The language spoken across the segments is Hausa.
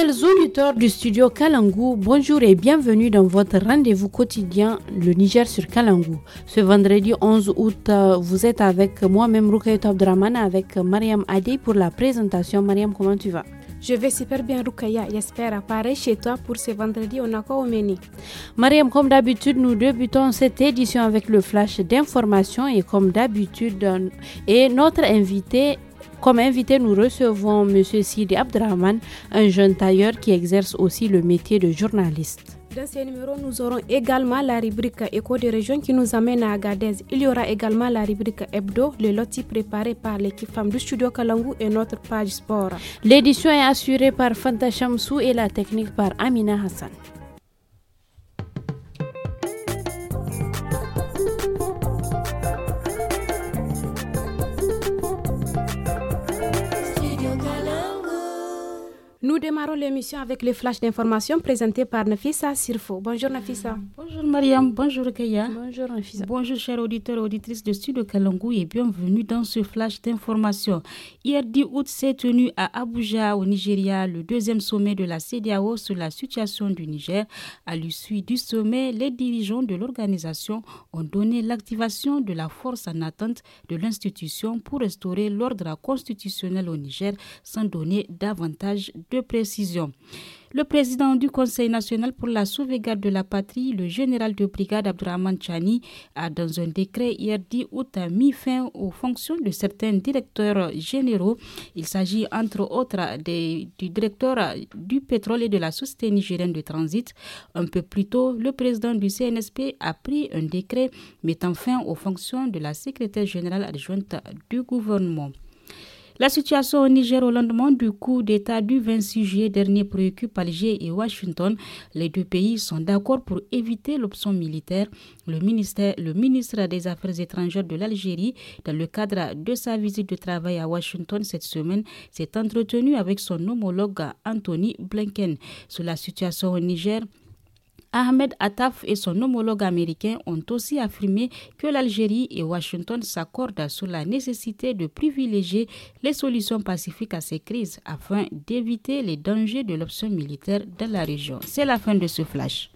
les auditeurs du studio Kalangu, bonjour et bienvenue dans votre rendez-vous quotidien Le Niger sur Kalangu. Ce vendredi 11 août, euh, vous êtes avec moi-même top Abdraman avec Mariam Adé pour la présentation. Mariam, comment tu vas je vais super bien, Rukaya. J'espère apparaître chez toi pour ce vendredi on a au Mariam, comme d'habitude, nous débutons cette édition avec le flash d'information et comme d'habitude, euh, et notre invité comme invité, nous recevons M. Sidi Abdrahman, un jeune tailleur qui exerce aussi le métier de journaliste. Dans ces numéros, nous aurons également la rubrique Écho des régions qui nous amène à Agadez. Il y aura également la rubrique Hebdo, le loti préparé par l'équipe femme du studio Kalangu et notre page sport. L'édition est assurée par Fanta Chamsou et la technique par Amina Hassan. Nous démarrons l'émission avec les flashs d'information présentés par Nafissa Sirfo. Bonjour Nafissa. Ah, bonjour Mariam, bonjour Kaya. Bonjour Nafissa. Bonjour chers auditeurs et auditrices de Studio Kalangou et bienvenue dans ce flash d'information. Hier 10 août s'est tenu à Abuja au Nigeria le deuxième sommet de la CDAO sur la situation du Niger. À l'issue du sommet, les dirigeants de l'organisation ont donné l'activation de la force en attente de l'institution pour restaurer l'ordre constitutionnel au Niger sans donner davantage de de précision. Le président du Conseil national pour la sauvegarde de la patrie, le général de brigade Abdurrahman Chani, a dans un décret hier 10 août mis fin aux fonctions de certains directeurs généraux. Il s'agit entre autres du directeur du pétrole et de la société nigérienne de transit. Un peu plus tôt, le président du CNSP a pris un décret mettant fin aux fonctions de la secrétaire générale adjointe du gouvernement. La situation au Niger au lendemain du coup d'État du 26 juillet dernier préoccupe Alger et Washington. Les deux pays sont d'accord pour éviter l'option militaire. Le, ministère, le ministre des Affaires étrangères de l'Algérie, dans le cadre de sa visite de travail à Washington cette semaine, s'est entretenu avec son homologue Anthony Blinken sur la situation au Niger. Ahmed Ataf et son homologue américain ont aussi affirmé que l'Algérie et Washington s'accordent sur la nécessité de privilégier les solutions pacifiques à ces crises afin d'éviter les dangers de l'option militaire dans la région. C'est la fin de ce flash.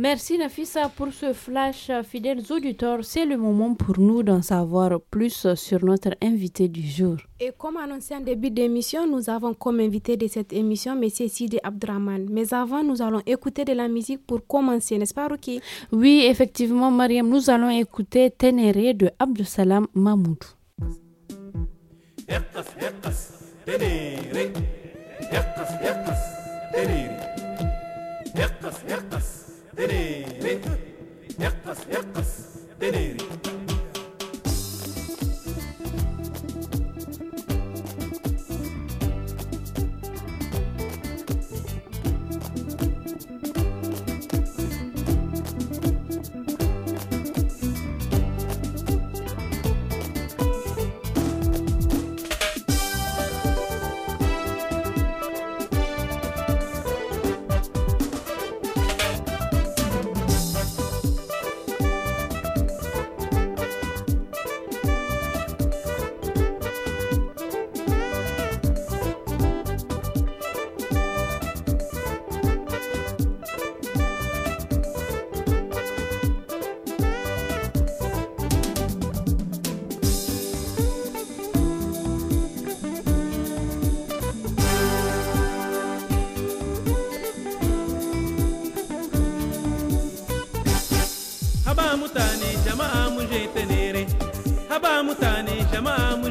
Merci Nafisa pour ce flash. Euh, fidèle auditeurs, c'est le moment pour nous d'en savoir plus sur notre invité du jour. Et comme annoncé en début d'émission, nous avons comme invité de cette émission M. Sidi Abdraman. Mais avant, nous allons écouter de la musique pour commencer, n'est-ce pas Ruki Oui, effectivement, Mariam, nous allons écouter Ténéré de Abdusalam Mahmoud. دنيري يقص يقص دنيري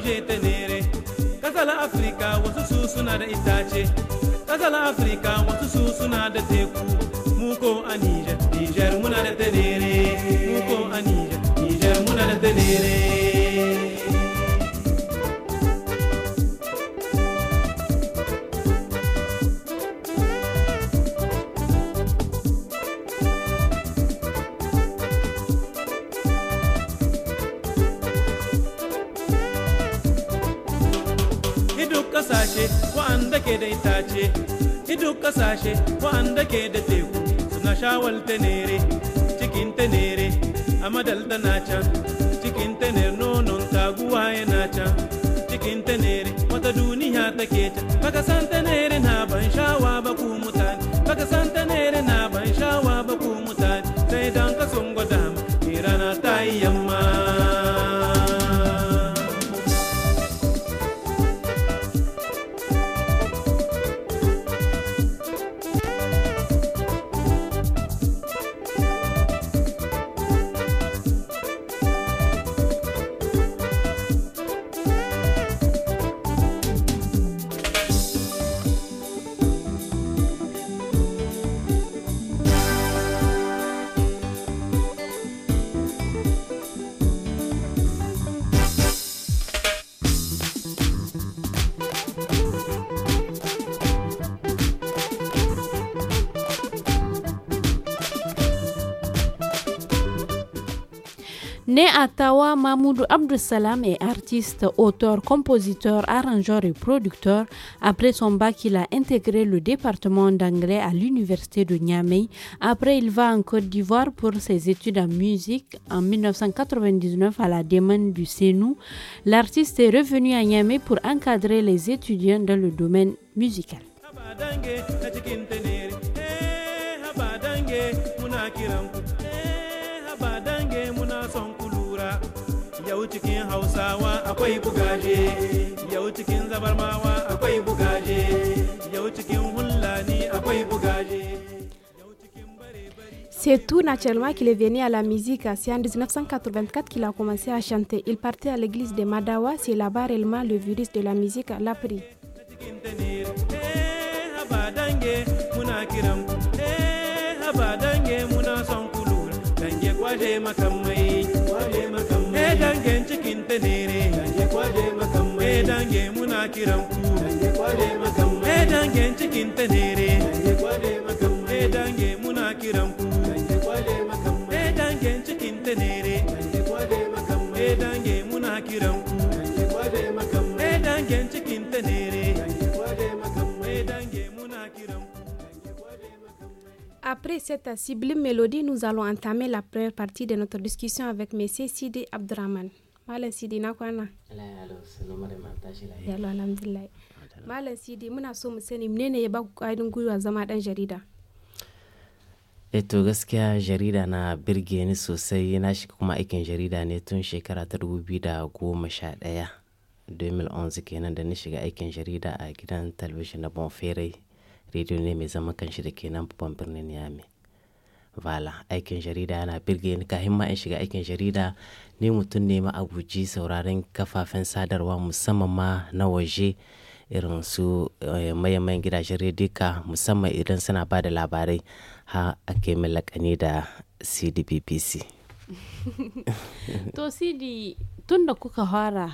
waje nere kasala afirka wasu su suna da itace kasala afirka wasu su suna da teku muko a niger nijar muna da tenere muko a niger muna da tenere. al tenere cikin tenere a madal tana Né à Tawa, Mahmoud Salam est artiste, auteur, compositeur, arrangeur et producteur. Après son bac, il a intégré le département d'anglais à l'université de Niamey. Après, il va en Côte d'Ivoire pour ses études en musique en 1999 à la demande du CENU. L'artiste est revenu à Niamey pour encadrer les étudiants dans le domaine musical. C'est tout naturellement qu'il est venu à la musique. C'est en 1984 qu'il a commencé à chanter. Il partait à l'église de Madawa. C'est là-bas réellement le virus de la musique l'a pris. Eh, dange cikin ta nere eh dange muna kiran ku eh dange cikin ta nere eh dange muna kiran ku Après cette sublime mélodie, nous allons entamer la première partie de notre discussion avec M. Sidi Abdraman. Malam Sidi na Allô, Yalo alhamdulillah. Malam Sidi muna so mu sani menene ya baku ƙwarin gwiwa zama dan jarida? E to gaskiya jarida na birge ni sosai na shi kuma aikin jarida ne tun shekara ta dubu da goma sha ɗaya. 2011 kenan da ni shiga aikin jarida a gidan talabijin na Bonferai rediyo ne mai zaman kanshi da kenan nan babban birnin Niamey. Vala aikin jarida yana birge ni kahin ma in shiga aikin jarida ne mutum ne ma abuji sauraron kafafen sadarwa musamman ma na waje irin su eh, mayan gidajen ka musamman idan suna ba da labarai ha ake mallakani da cdbbc to cd tun da kuka fara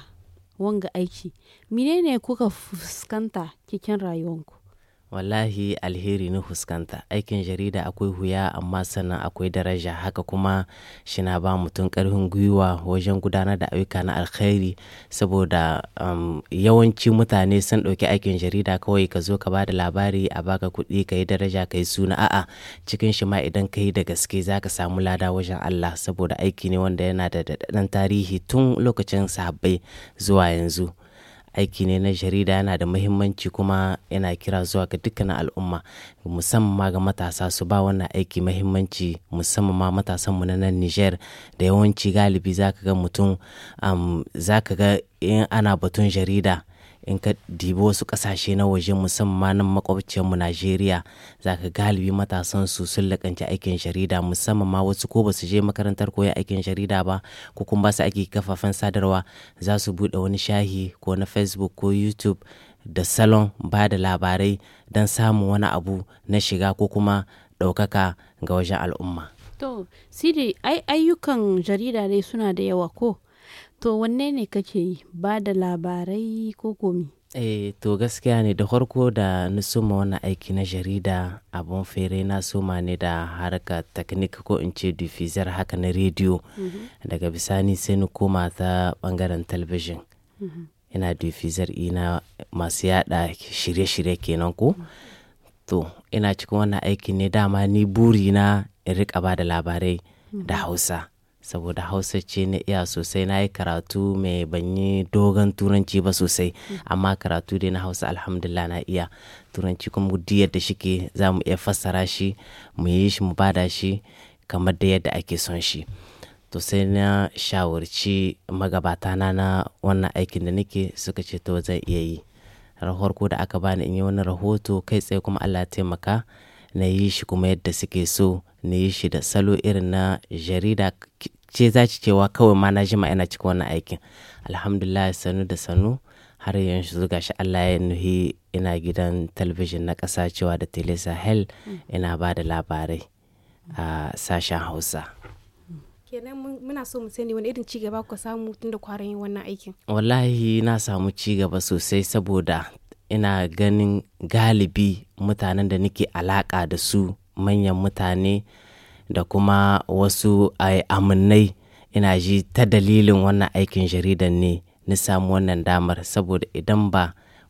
wanga aiki menene kuka fuskanta cikin rayuwanku wallahi alheri na fuskanta aikin jarida akwai huya amma sannan akwai daraja haka kuma shi na ba mutum karfin gwiwa wajen gudanar da ayyuka na alkhairi saboda um, yawanci mutane sun ɗauki aikin jarida kawai ka zo ka ba da labari a baka kuɗi ka yi daraja ka yi suna a'a cikin shi ma idan ka yi da gaske za ka samu lada wajen Allah saboda aiki ne wanda yana da daɗaɗɗen tarihi tun lokacin sahabbai zuwa yanzu. aiki ne na jarida yana da muhimmanci kuma yana kira zuwa ga dukkanin al'umma musamman ma ga matasa su ba wannan aiki muhimmanci musamman ma matasan mu na nan Niger da yawanci galibi zaka ga mutum zaka ga in ana batun jarida in ka dibi wasu kasashe na waje musamman nan makwabciyarmu najeriya zaka galibi matasan su sun lakanci aikin jarida musamman ma wasu ko basu je makarantar koya aikin jarida ba ko kuma basu aiki kafafen sadarwa za su buɗe wani shahi ko na facebook ko youtube da salon ba da labarai don samun wani abu na shiga ko kuma ɗaukaka ga wajen al'umma to sidi ayyukan jarida ne suna da yawa ko To wanne ne kake yi ba da labarai ko komi? Eh to gaskiya ne da farko da na soma wani aiki na jarida abun fere na soma ne da harka teknik ko in ce difizar haka na rediyo mm-hmm. daga bisani sai ni koma ta bangaren talabijin mm-hmm. ina difizar ina masu yada shirye-shirye kenan ko mm-hmm. to ina cikin wannan aiki ne dama ni buri na in rika ba da labarai da hausa saboda hausa ce na iya sosai na yi karatu mai banyi dogon turanci ba sosai amma karatu dai na hausa alhamdulillah na iya turanci kuma gudu yadda shike za mu iya fassara shi mu yi shi mu bada shi kamar da yadda ake son shi to sai na shawarci magabata na na wannan aikin da nake suka ce to zan iya yi ko da aka bani in yi wani rahoto kai tsaye kuma allah taimaka na yi shi kuma yadda suke so na yi shi da salo irin na jarida ce za ki cewa kawai ma na jima ina cikin wannan aikin alhamdulillah sanu da sanu har yanzu zuga shi Allah ya nuhi ina gidan talabijin na ƙasa cewa da tele sahel ina ba da labarai a sashen hausa kenan muna so mu sani wani irin cigaba ku samu tun da kwaran yin wannan aikin wallahi na samu cigaba sosai saboda ina ganin galibi mutanen da nake alaka da su manyan mutane da kuma wasu amannai ina ji ta dalilin wannan aikin jaridan ne na samu wannan damar saboda idan ba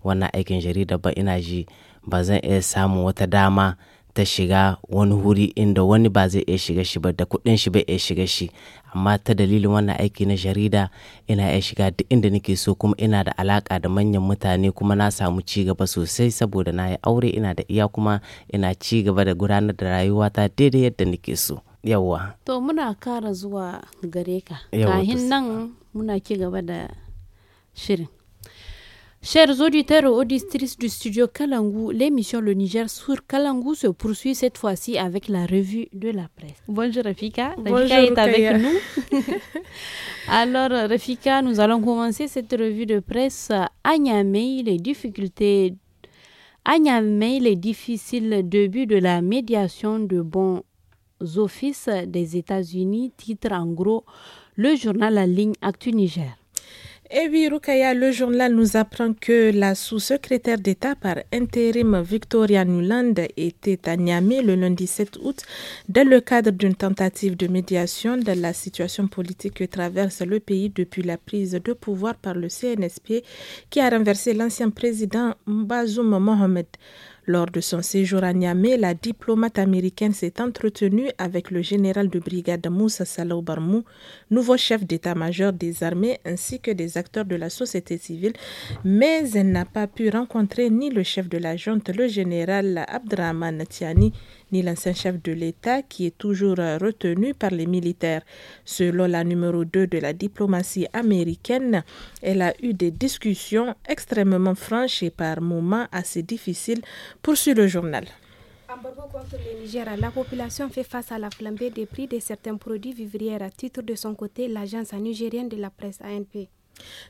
wannan aikin jarida ba ina ji ba zan iya samun wata dama ta shiga wani wuri inda wani ba zai iya shiga shi ba da kuɗin shi bai iya shiga shi amma ta dalilin wannan aiki na jarida ina iya shiga duk inda nake so kuma ina da alaka da manyan mutane kuma na samu ci gaba sosai saboda na yi aure ina da iya kuma ina ci gaba da gudanar da rayuwata daidai yadda nake so yawwa to muna kara zuwa gare ka kahin nan muna ci gaba da shirin Chers auditeurs et auditrices du studio Kalangou, l'émission Le Niger sur Kalangou se poursuit cette fois-ci avec la revue de la presse. Bonjour Rafika, Rafika est avec nous. Alors Rafika, nous allons commencer cette revue de presse Agnamei, les difficultés à les difficiles débuts de la médiation de bons offices des États-Unis, titre en gros le journal La Ligne Actu Niger. Eh oui, Rukaya, le journal nous apprend que la sous-secrétaire d'État par intérim Victoria Nuland était à Niamey le lundi 7 août dans le cadre d'une tentative de médiation de la situation politique que traverse le pays depuis la prise de pouvoir par le CNSP qui a renversé l'ancien président Mbazoum Mohamed. Lors de son séjour à Niamey, la diplomate américaine s'est entretenue avec le général de brigade Moussa Salou Barmou, nouveau chef d'état-major des armées ainsi que des acteurs de la société civile, mais elle n'a pas pu rencontrer ni le chef de la junte, le général Abdrahman Tiani, ni l'ancien chef de l'État qui est toujours retenu par les militaires. Selon la numéro 2 de la diplomatie américaine, elle a eu des discussions extrêmement franches et par moments assez difficiles, poursuit le journal la population fait face à la flambée des prix de certains produits vivrières. À titre de son côté, l'agence nigérienne de la presse ANP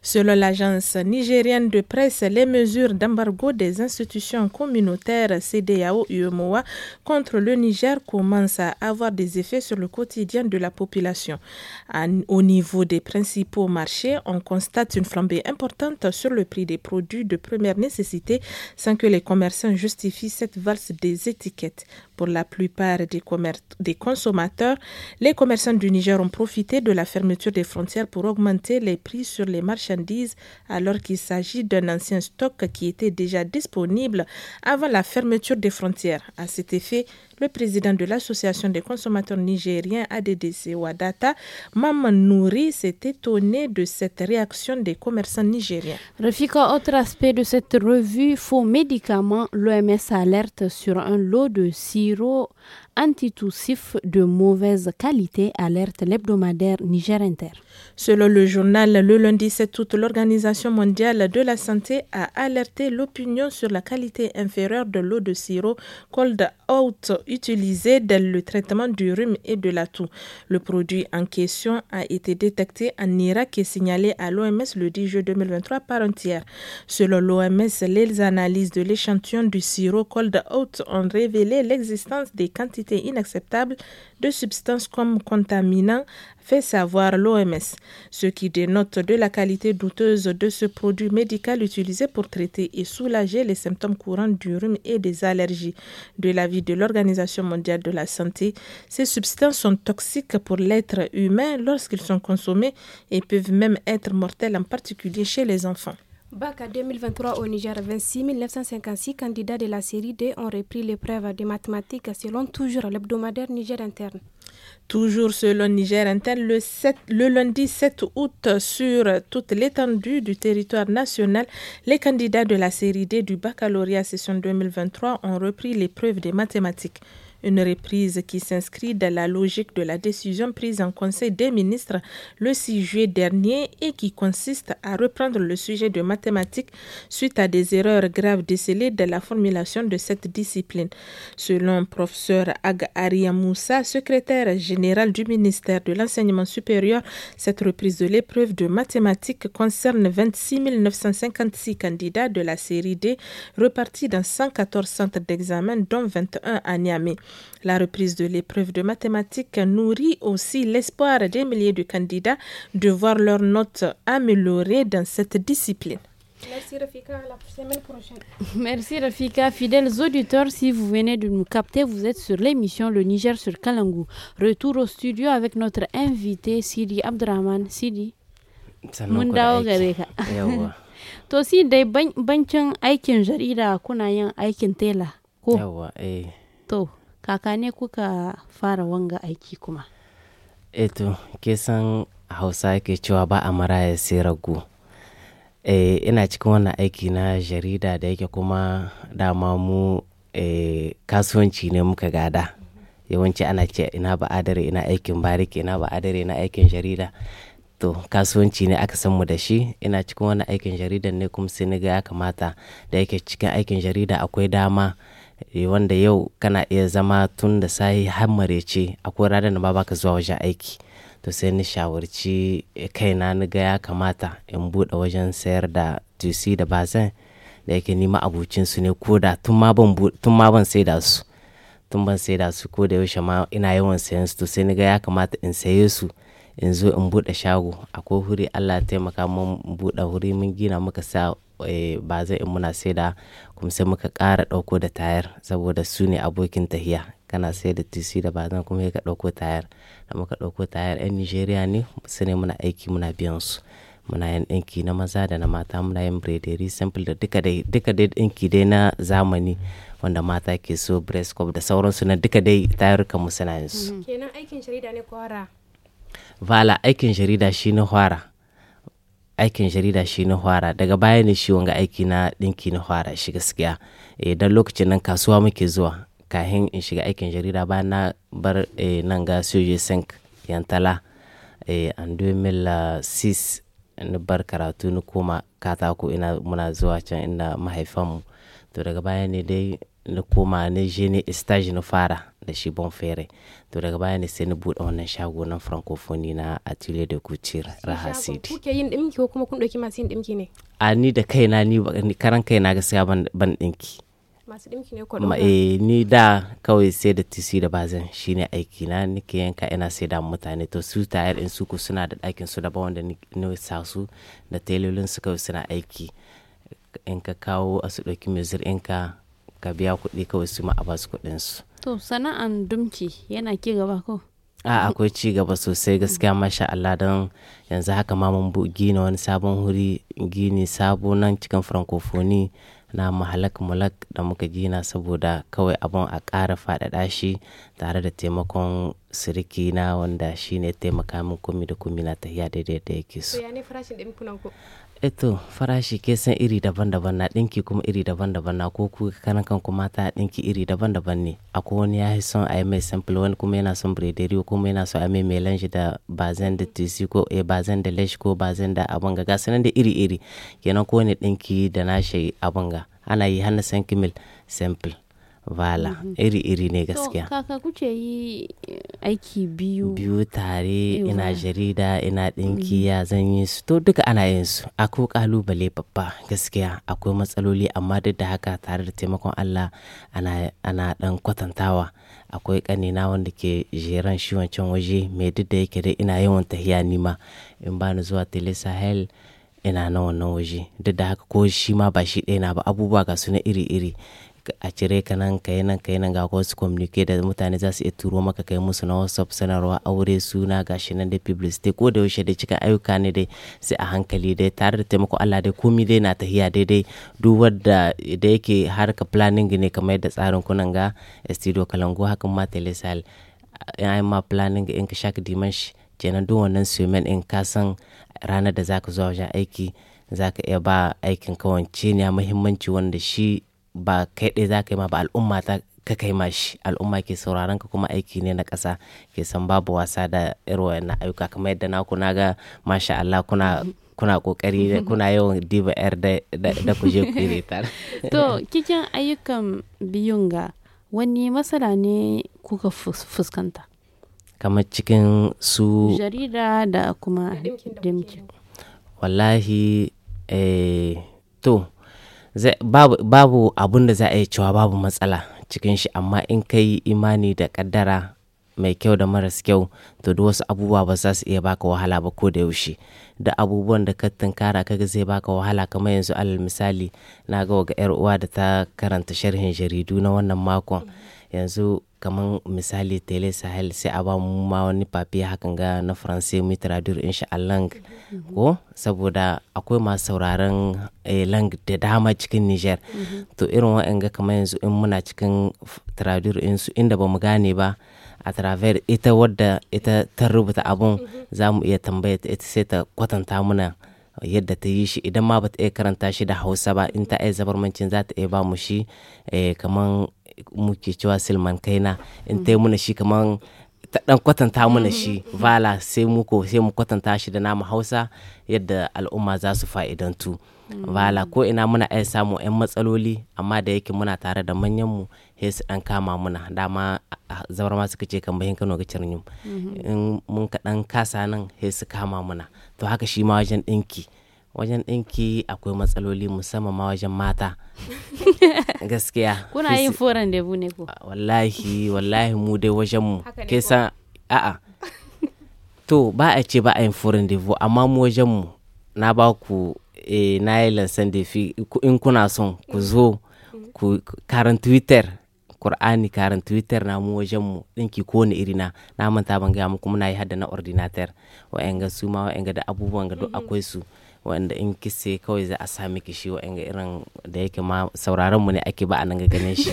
Selon l'agence nigérienne de presse, les mesures d'embargo des institutions communautaires CDAO-UMOA e contre le Niger commencent à avoir des effets sur le quotidien de la population. Au niveau des principaux marchés, on constate une flambée importante sur le prix des produits de première nécessité sans que les commerçants justifient cette valse des étiquettes. Pour la plupart des, consommateurs, les commerçants du Niger ont profité de la fermeture des frontières pour augmenter les prix sur les marchandises alors qu'il s'agit d'un ancien stock qui était déjà disponible avant la fermeture des frontières. À cet effet, le président de l'Association des consommateurs nigériens ADDC Wadata, Maman Nouri, s'est étonné de cette réaction des commerçants nigériens. Refika, autre aspect de cette revue Faux médicaments, l'OMS alerte sur un lot de sirop antitoussif de mauvaise qualité, alerte l'hebdomadaire Niger Inter. Selon le journal, le lundi 7 août, l'Organisation mondiale de la santé a alerté l'opinion sur la qualité inférieure de l'eau de sirop Cold utilisé dans le traitement du rhume et de la toux. Le produit en question a été détecté en Irak et signalé à l'OMS le 10 juin 2023 par entière. Selon l'OMS, les analyses de l'échantillon du sirop cold out ont révélé l'existence des quantités inacceptables de substances comme contaminants, fait savoir l'OMS, ce qui dénote de la qualité douteuse de ce produit médical utilisé pour traiter et soulager les symptômes courants du rhume et des allergies. De l'avis de l'Organisation mondiale de la santé, ces substances sont toxiques pour l'être humain lorsqu'ils sont consommés et peuvent même être mortelles, en particulier chez les enfants. BAC 2023 au Niger, 26 956 candidats de la série D ont repris l'épreuve des mathématiques selon toujours l'hebdomadaire Niger interne. Toujours selon Niger interne, le, le lundi 7 août, sur toute l'étendue du territoire national, les candidats de la série D du baccalauréat session 2023 ont repris l'épreuve des mathématiques. Une reprise qui s'inscrit dans la logique de la décision prise en Conseil des ministres le 6 juillet dernier et qui consiste à reprendre le sujet de mathématiques suite à des erreurs graves décelées dans la formulation de cette discipline. Selon professeur Ag Aria Moussa, secrétaire général du ministère de l'Enseignement supérieur, cette reprise de l'épreuve de mathématiques concerne 26 956 candidats de la série D repartis dans 114 centres d'examen, dont 21 à Niamey. La reprise de l'épreuve de mathématiques nourrit aussi l'espoir des milliers de candidats de voir leurs notes améliorées dans cette discipline. Merci Rafika, à la semaine prochaine. Merci Rafika. Fidèles auditeurs, si vous venez de nous capter, vous êtes sur l'émission Le Niger sur Kalangu. Retour au studio avec notre invité Sidi Abdraman. Sidi. Mundao Yawa, eh. kaka ne kuka fara wanga aiki kuma eto eh ke hausa ke cewa ba a maraya sai ragu e, eh, ina cikin wannan aiki na jarida da yake kuma dama mu e, kasuwanci ne muka gada yawanci ana ce ina ba ina aikin bariki ina ba adare ina aikin jarida to kasuwanci ne aka san mu da shi ina cikin wani aikin jaridan ne kuma sai ga ya kamata da yake cikin aikin jarida akwai dama Eh, wanda yau kana iya zama tun da sai har ce akwai ranar da ma baka zuwa wajen aiki to sai ni shawarci eh, kaina ni ga ya kamata in buɗe wajen sayar da tusi da bazan da yake nima abucin su ne ko da tun ma ban sai da su tun ban sai da su ko da yaushe ma ina yawan sayan su to sai ni ga ya kamata in saye su in zo in buɗe shago akwai huri Allah taimaka mun buɗe huri mun gina muka sa Eh, ba zai in muna da kuma sai muka ƙara ɗauko da tayar saboda su ne abokin tahiya kana sai da tc da zan kuma ka ɗauko tayar da muka ɗauko tayar 'yan nigeria ne su ne muna aiki muna biyan su muna yin ɗinki na maza da na mata muna yin braidery simple da duka dai duka dai ɗinki dai na zamani wanda mata ke so breast cup da sauransu na duka dai tayar mu suna yin su kenan aikin jarida ne kwara vala aikin jarida shi na kwara aikin jarida shi na fara daga baya ne shi wanga aiki na ɗinki na fara shi gaskiya eh, don lokacin nan kasuwa muke zuwa kahin in shiga aikin jarida bayan na bar eh, nan ga soje sink yantala eh, an 2006 na bar karatu na koma katako ina muna zuwa can ina mahaifanmu to daga baya ne dai na koma na je ne stage na fara da shi bonfere to daga baya ne sai na buɗe wannan shago na francophone na atelier de couture raha city kuke yin dinki ko kuma kun dauki masu yin dinki ne a ni da kaina ni karan kaina gaskiya ban ban dinki masu dinki ne ko ma eh ni da kawai sai da tisi da bazan shine aiki na nake yanka ina sai da mutane to su tayar in su ku suna da dakin su da ba wanda ni sa su da tailolin su kawai suna aiki in ka kawo a su dauki mezir in ka ka biya kuɗi kawai su ma a basu kuɗin su To sana'an dumki yana ki gaba ko? a akwai ci gaba sosai gaskiya masha Allah don yanzu haka ma mun gina wani sabon huri gini sabo nan cikin francophonie na mahalak mulak da muka gina saboda kawai abin a ƙara faɗaɗa shi tare da taimakon siriki na wanda shi ne taimaka min kumi da kumi na tahiya daidai da yake so. eto eh farashi ke san iri daban-daban na ɗinki kuma iri daban-daban na ko kuka kanan kan kuma ta ɗinki iri daban-daban ne akwai wani ya son a yi mai simple wani kuma yana son ko kuma yana son a mai lanshi da bazen da tisi ko e bazen da lash ko bazen da abanga ga sanan da iri-iri kenan ko wani ɗinki da na nashi abanga ana yi hana san kimil simple vala mhm. iri-iri ne gaskiya kaka kuce yi aiki biyu biyu tare ina jarida ina dinki mhm. ya zan yi su to duka ana yin su akwai kalubale babba gaskiya akwai matsaloli amma duk da haka tare da taimakon allah ana dan kwatantawa akwai kanina wanda ke jeran shi wancan waje mai duk da yake dai ina yawan tahiya nima in bani zuwa tele sahel ina na wannan waje duk da haka ko shi ma ba shi ɗaya na ba abubuwa ga su na iri-iri a cire ka nan ka nan ka nan ga wasu communique da mutane za su iya turo maka kai musu na whatsapp sanarwa aure suna ga shi nan da publicity ko da yaushe da cika ayyuka ne dai sai a hankali dai tare da taimako Allah dai komi dai na tahiya daidai duk wanda da yake harka planning ne kamar yadda tsarin kunan ga studio kalangu hakan ma telesal in ma planning in ka shaka dimanshi kenan duk wannan sumen in ka san ranar da zaka zuwa wajen aiki zaka iya ba aikin kawance ne muhimmanci wanda shi ba kai ɗaya za ka yi ma ba al'umma ta ka kai ma shi al'umma ke sauraron ka kuma aiki ne na ƙasa ke san babu wasa da irin na ayyuka kamar yadda na kuna ga masha Allah kuna kuna kokari kuna yawan diba yar da kuje ku yi tare to cikin ayyukan biyun ga wani matsala ne kuka fuskanta kamar cikin su jarida da kuma dimki wallahi eh, to babu, babu abun da za a yi cewa babu matsala cikin shi amma in ka yi imani da kaddara mai kyau da maras kyau to duk wasu abubuwa ba za su iya baka wahala ba ko da yaushe da abubuwan da ka tunkara ga zai baka wahala kamar yanzu alal misali na ga wa ga yar uwa da ta karanta sharhin jaridu na wannan makon yanzu kamar misali tele sahel sai a ba mu ma wani papi hakan ga na faransai mu traduire insha Allah ko saboda akwai masu sauraron eh, lang da dama cikin Niger to irin ga kamar yanzu in muna cikin traduire su inda ba mu gane ba a travers ita wadda ita ta rubuta abun za mu iya tambaya ita sai ta kwatanta muna yadda ta yi shi idan ma ba ta iya karanta shi da hausa ba in ta iya zabarmancin za ta iya ba mu shi eh, kamar muke cewa silman kaina in ta muna shi kaman ta dan kwatanta muna shi vala sai mu ko sai mu kwatanta shi da namu hausa yadda al'umma za su fa'idantu vala ko ina muna iya samu 'yan matsaloli amma da yake muna tare da mu he su dan kama muna dama zabar ma suka ce kan bayan kano ga cirnyum mhm. in mun ka dan kasa nan he su kama muna to haka shi ma wajen dinki wajen ɗinki akwai matsaloli musamman ma wajen mata gaskiya kuna yin foran da ne ku. Ah, wallahi wallahi mu dai wajen mu ke san a'a to ba a ce ba a yin foran da amma mu wajen mu na ba ku eh, na yi lansan da fi in kuna son ku zo ku karin twitter kur'ani karin twitter na mu wajen mu ɗinki ko ni iri na na manta ban gaya muku muna yi hada na ordinator wa'yan ga su ma wa'yan ga da abubuwan ga duk mm-hmm. akwai su wanda in kise kawai za a sa miki shi wa'anga irin da yake ma sauraron mu ne ake ba a nan ga ganin shi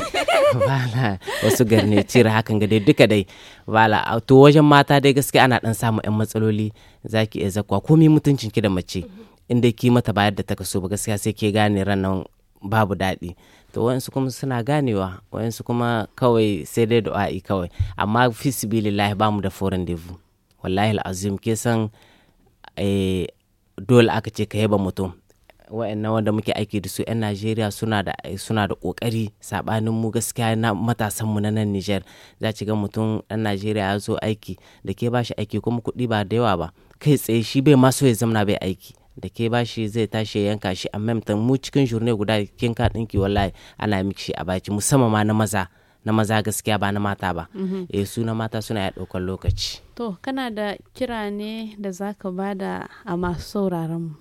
bala wasu cire hakan ga dai duka dai bala to wajen mata dai gaskiya ana dan samu yan matsaloli zaki iya zakwa komai mutuncin ki da mace in dai ki mata bayar da ta kaso ba gaskiya sai ke gane ranan babu daɗi to wayansu kuma suna ganewa wayansu kuma kawai sai dai da du'a'i kawai amma fisibilillahi ba mu da foreign devu wallahi al'azim ke san eh, dole aka ce ka yaba mutum wa'annan wanda muke aiki da su 'yan najeriya suna da da kokari sabanin mu gaskiya na matasan mu na nan niger za ci ga mutum ɗan najeriya ya zo aiki da ke bashi aiki kuma kuɗi ba da yawa ba kai tsaye shi bai maso ya zamna bai aiki da ke bashi zai tashi ya yanka shi amma mu cikin jurne guda kin ka wallahi ana miki shi a baki musamman ma na maza na maza gaskiya ba na mata ba mhm. eh su na mata suna ya ɗaukar lokaci to kana da kira ne da zaka da a masu sauraron mu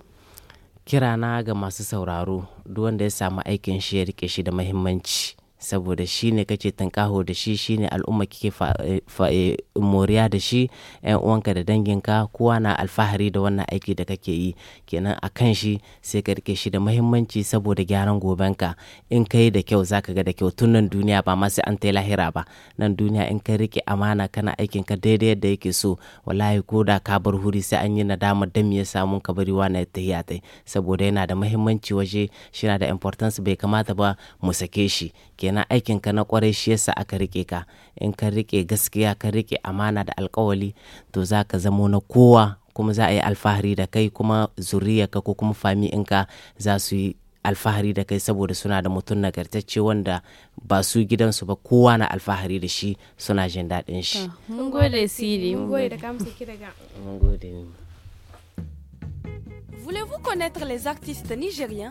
kirana ga masu sauraro duk wanda ya samu aikin shi ya rike shi da muhimmanci. saboda shi ne kake tankaho da shi shi ne al'umma kike eh, eh, moriya da shi yan uwanka da danginka kowa na alfahari da wannan aiki da kake yi kenan a kan shi sai ka rike shi da mahimmanci saboda gyaran gobenka in ka yi da kyau zaka ga da kyau tun nan duniya ba ma sai an ta lahira ba nan duniya in ka rike amana kana aikin ka daidai yadda yake so wallahi ko da ka bar huri sai an yi nadama dan me ya samu ka bari wani tahiya tai saboda yana da mahimmanci waje shi na da importance bai kamata ba mu sake shi kenan aikin ka na kwarai shi yasa aka rike ka in ka rike gaskiya ka rike amana da alkawali to za ka zamo na kowa kuma za a yi alfahari da kai kuma zuriyarka ko kuma fami ka za su yi alfahari da kai saboda suna da mutum nagartacce wanda ba su gidansu ba kowa na alfahari da shi suna jin daɗin shi. Mun gode Siri. Mun gode da kamsa daga. Mun gode. Voulez-vous connaître les artistes nigériens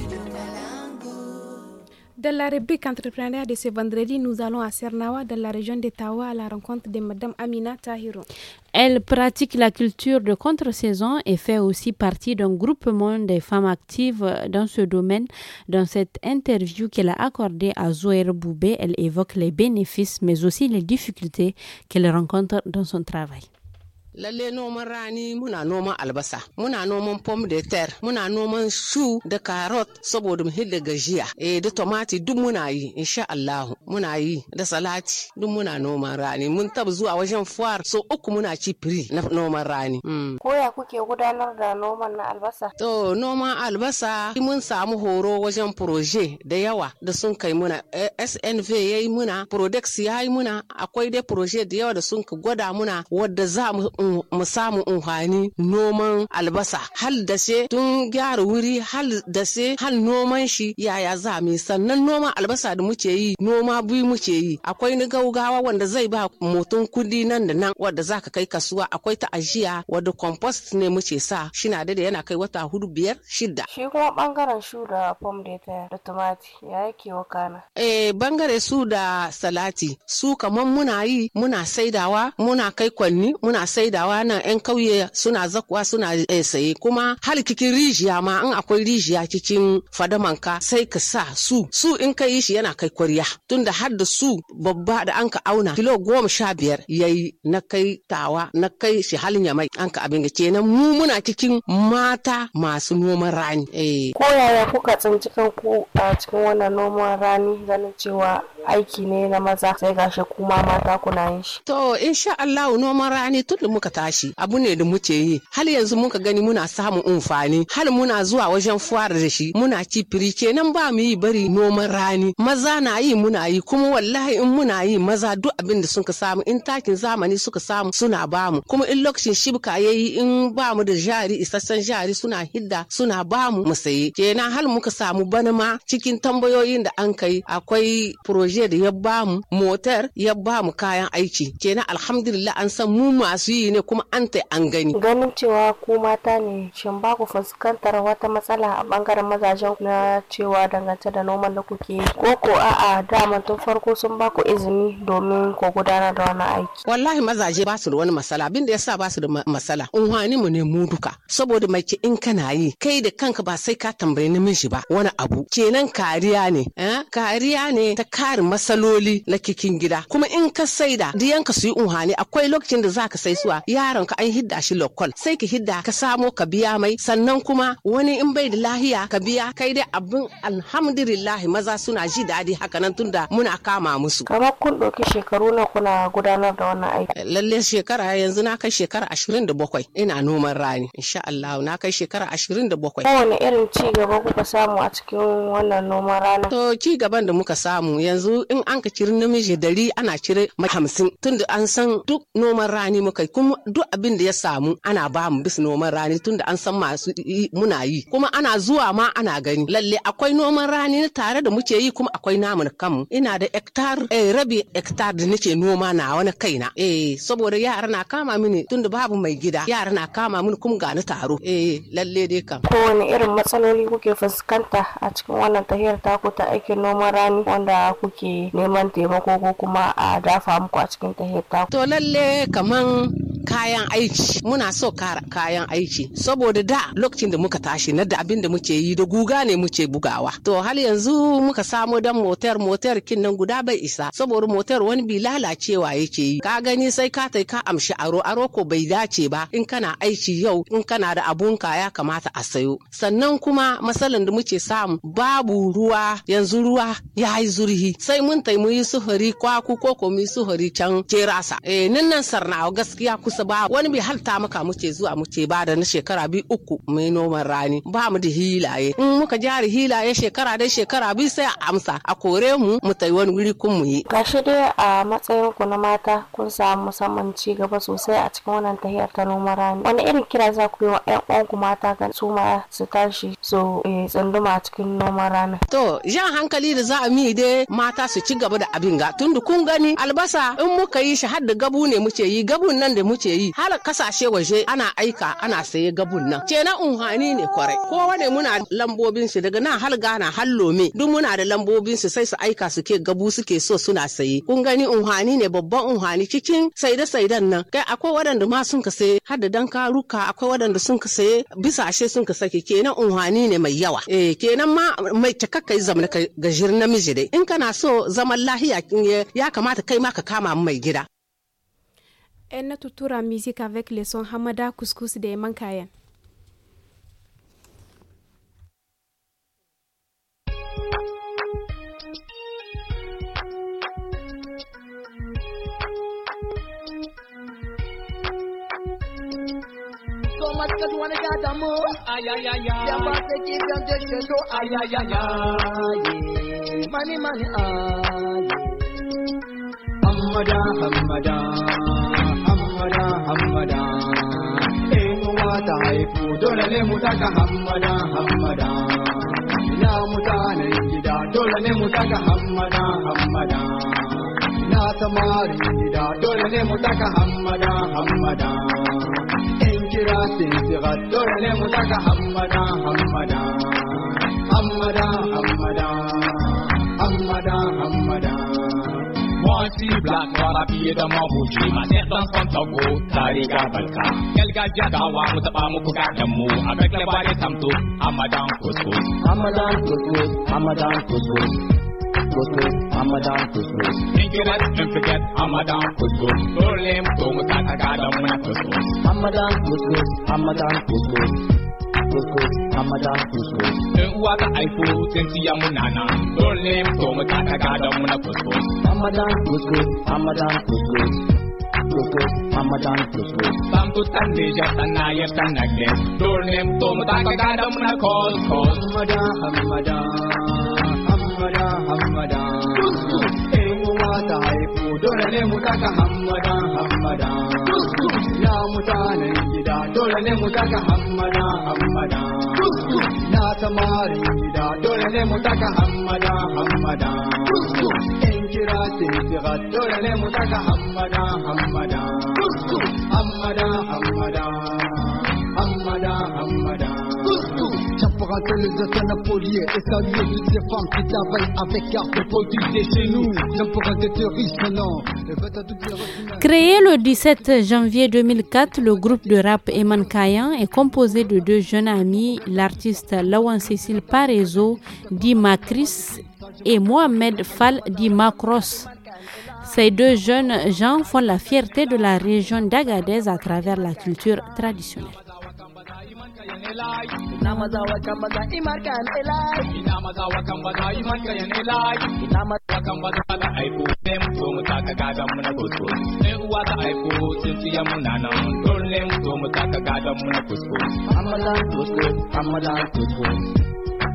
Dans la rubrique entrepreneur de ce vendredi, nous allons à Sernawa, dans la région de Tawa, à la rencontre de Madame Amina Tahiro. Elle pratique la culture de contre-saison et fait aussi partie d'un groupement des femmes actives dans ce domaine. Dans cette interview qu'elle a accordée à Zoé Boubé, elle évoque les bénéfices mais aussi les difficultés qu'elle rencontre dans son travail. Lalle noman rani muna noman albasa, muna noman pom de terre, muna noman su da carrot saboda mu hidda gajiya. Eh da tomati duk muna yi insha Allah muna yi da salati duk muna noman rani. Mun taba zuwa wajen foire so uku muna ci free na noman rani. Hmm. Koya kuke gudanar da noman na albasa? To noman albasa mun samu horo wajen projet da yawa da sun kai muna eh, SNV yayi muna Prodex yayi muna akwai dai projet da yawa da sun gwada muna wadda za mu mu samu unhani noman albasa hal da se tun gyara wuri hal da se hal noman shi yaya za mu sannan noman albasa da muke yi noma biyu muke yi akwai na gaugawa wanda zai ba mutum kudi nan da nan wanda zaka kai kasuwa akwai ta ajiya wanda compost ne muke sa shi na da yana kai wata hudu biyar shida shi kuma bangaren shu da pom da tumati ya yake kana eh bangare su da salati su kamar muna yi muna saidawa muna kai kwanni muna sai saidawa nan yan kauye suna zakuwa suna eh, saye kuma har kikin rijiya ma in akwai rijiya cikin fadamanka sai ka sa su su in ka yi shi yana kai kwarya tunda har da su babba da an ka auna kilo goma sha biyar yayi na kai tawa na kai shi halin ya mai an ka abin kenan mu muna cikin mata masu noman rani. Eh. Ko yaya kuka tsinci kanku a cikin wannan noman rani ganin cewa aiki ne na maza sai gashi kuma mata kuna yin shi. To insha Allah noman rani tun mu muka tashi abu ne da muke yi har yanzu muka gani muna samun amfani har muna zuwa wajen fuwar da shi muna ci firi kenan ba mu yi bari noman rani maza na yi muna yi kuma wallahi in muna yi maza duk abin da suka samu in takin zamani suka samu suna bamu kuma in lokacin shibka yayi in ba mu da jari isassan jari suna hidda suna bamu mu saye kenan har muka samu bana ma cikin tambayoyin da an kai akwai proje da ya bamu motar ya bamu kayan aiki kenan alhamdulillah an san mu masu yi ne kuma an ta an gani ganin cewa ku mata ne shin ba ku fuskantar wata matsala a bangaren mazajen na cewa dangance da noman da kuke yi ko ko a'a dama tun farko sun ba ku izini domin ku gudanar da wani aiki wallahi mazaje ba su da wani matsala abin da yasa ba su da matsala unhani mu ne mu duka saboda mace in kana yi kai da kanka ba sai ka tambayi namiji ba wani abu kenan kariya ne eh? kariya ne ta kare masaloli na kikin gida kuma in ka saida diyanka su yi unhani akwai lokacin da za ka sai suwa yaron ka an hidda shi lokol sai ka hidda ka samo ka biya mai sannan kuma wani in bai da lahiya ka biya kai dai abin alhamdulillah maza suna ji daɗi haka nan tunda muna kama musu. Kamar kun ɗauki shekaru na kuna gudanar da wannan aiki. Lalle shekara yanzu na kai shekara ashirin da bakwai ina noman rani insha Allah na kai shekara ashirin da bakwai. Kowane irin ci gaba kuka samu a cikin wannan noman rana. To ci gaban da muka samu yanzu in an ka cire namiji dari ana cire hamsin tunda an san duk noman rani muka kuma kuma duk abin da ya samu ana ba mu bisa noman rani da an san masu muna yi kuma ana zuwa ma ana gani lalle akwai noman rani tare da muke yi kuma akwai namun kanmu ina da hektar eh rabi hektar da nake noma na wani kaina eh saboda yara na kama mini tunda babu mai gida yara na kama mini kuma ga ni taro eh lalle dai kam kowane irin matsaloli kuke fuskanta a cikin wannan tahiyar taku ta aikin noman rani wanda kuke neman taimako ko kuma a dafa muku a cikin tahiyar taku to lalle kaman kayan aiki muna so kayan aiki saboda da lokacin da muka tashi na da abin da muke yi da guga ne muke bugawa to hal yanzu muka samo dan motar motar kin nan guda bai isa saboda motar wani bi lalacewa yake yi ka gani sai ka tai ka amshi aro aro ko bai dace ba in kana aiki yau in kana da abun ka ya kamata a sayo sannan kuma matsalan da muke samu babu ruwa yanzu ruwa ya yi zurhi sai mun tai mu yi suhari kwaku ko ko mu yi suhari can kerasa eh nan nan sarnawa gaskiya ku kusa ba wani bai halta maka zuwa muke ba da na shekara bi uku mai noman rani ba mu da hilaye in muka jari hilaye shekara da shekara bi sai a amsa a kore mu mu tai wani wuri kun mu yi. Gashi dai a matsayin ku na mata kun samu musamman ci gaba sosai a cikin wannan tahiyar ta noman rani wani irin kira za ku yi wa 'yan ku mata kan su ma su tashi su eh, tsunduma a cikin noman rani. To jan hankali da za a mi dai mata su ci gaba da abin ga tun da kun gani albasa in muka yi shi har da gabu ne muke yi gabun nan da muke yi hala kasashe waje ana aika ana saye gabun nan kenan unhani ne kwarai kowa ne muna lambobin shi daga nan hal gana hal lome duk muna da lambobin su sai su aika suke gabu suke so suna saye kun gani unhani ne babban unhani cikin saide saiden nan kai akwai waɗanda ma sun ka saye har da dan karuka akwai waɗanda sun ka saye bisashe sun ka sake kenan unhani ne mai yawa eh kenan ma mai takakkai zamana ka gajir namiji dai in kana so zaman lahiya ya kamata kai ma ka kama mai gida Elle tutura musique avec le son Hamada Couscous de Mankayan. hammada hammada in uwa ta haifu dole ne mu taka hammada hammada ina mutanen gida dole ne mu taka hammada hammada ina samarin gida dole ne mu taka hammada hammada in kira sinsiga dole ne mu taka hammada hammada hammada hammada hamada hamada Mwen si blak, mwen rapiye dan mwen boujou set dan son togo, tari ga balka Kel ga jadawa, mwen tapa mwen kuka jamu Awek le bare samto, amadan Amadan amadan Amadan you let forget Amadan couscous. Don't let them go with that. I I Amadan couscous, Amadan couscous. Bosco, Kamada Bosco. Uwaga Aifo, Tentia Munana, Dole, Tomataka Gada Muna Bosco. Kamada Bosco, Kamada Bosco. Locos, Hamadan Locos. Santo Sanaya Sanage, Dornem Tomataka Gada Muna Kos Kos. Hamada Hamada, Hamada Hamada. ta haifu dole ne mu taka hammadan hammadan ya mutanen gida dole ne mu taka hammadan hammadan ya samarin gida dole ne mu taka hammadan hammadan in kira tintiga dole ne mu taka hammadan hammadan hammadan hammadan Créé le 17 janvier 2004, le groupe de rap Eman Kayan est composé de deux jeunes amis, l'artiste Lawan Cécile Parezo, dit Macris, et Mohamed Fall, dit Macross. Ces deux jeunes gens font la fierté de la région d'Agadez à travers la culture traditionnelle. elai inamazawa kambaza imarkan elai inamazawa kambaza imarkan elai inamazawa kambaza na aiko ne mu so mu taka gadan mu na kusko ne uwa ta aiko tsintsiya mu na nan dole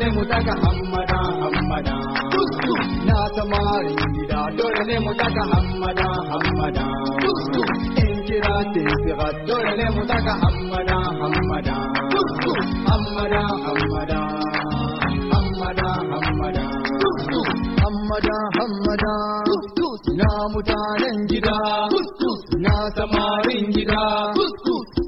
ne mu daga hammada hammada na samarin gida dole ne mu daga hammada hammada in kira ce fira dole ne mu daga hammada hammada hammada hammada hammada hammada hammada hammada na mutanen gida na samarin gida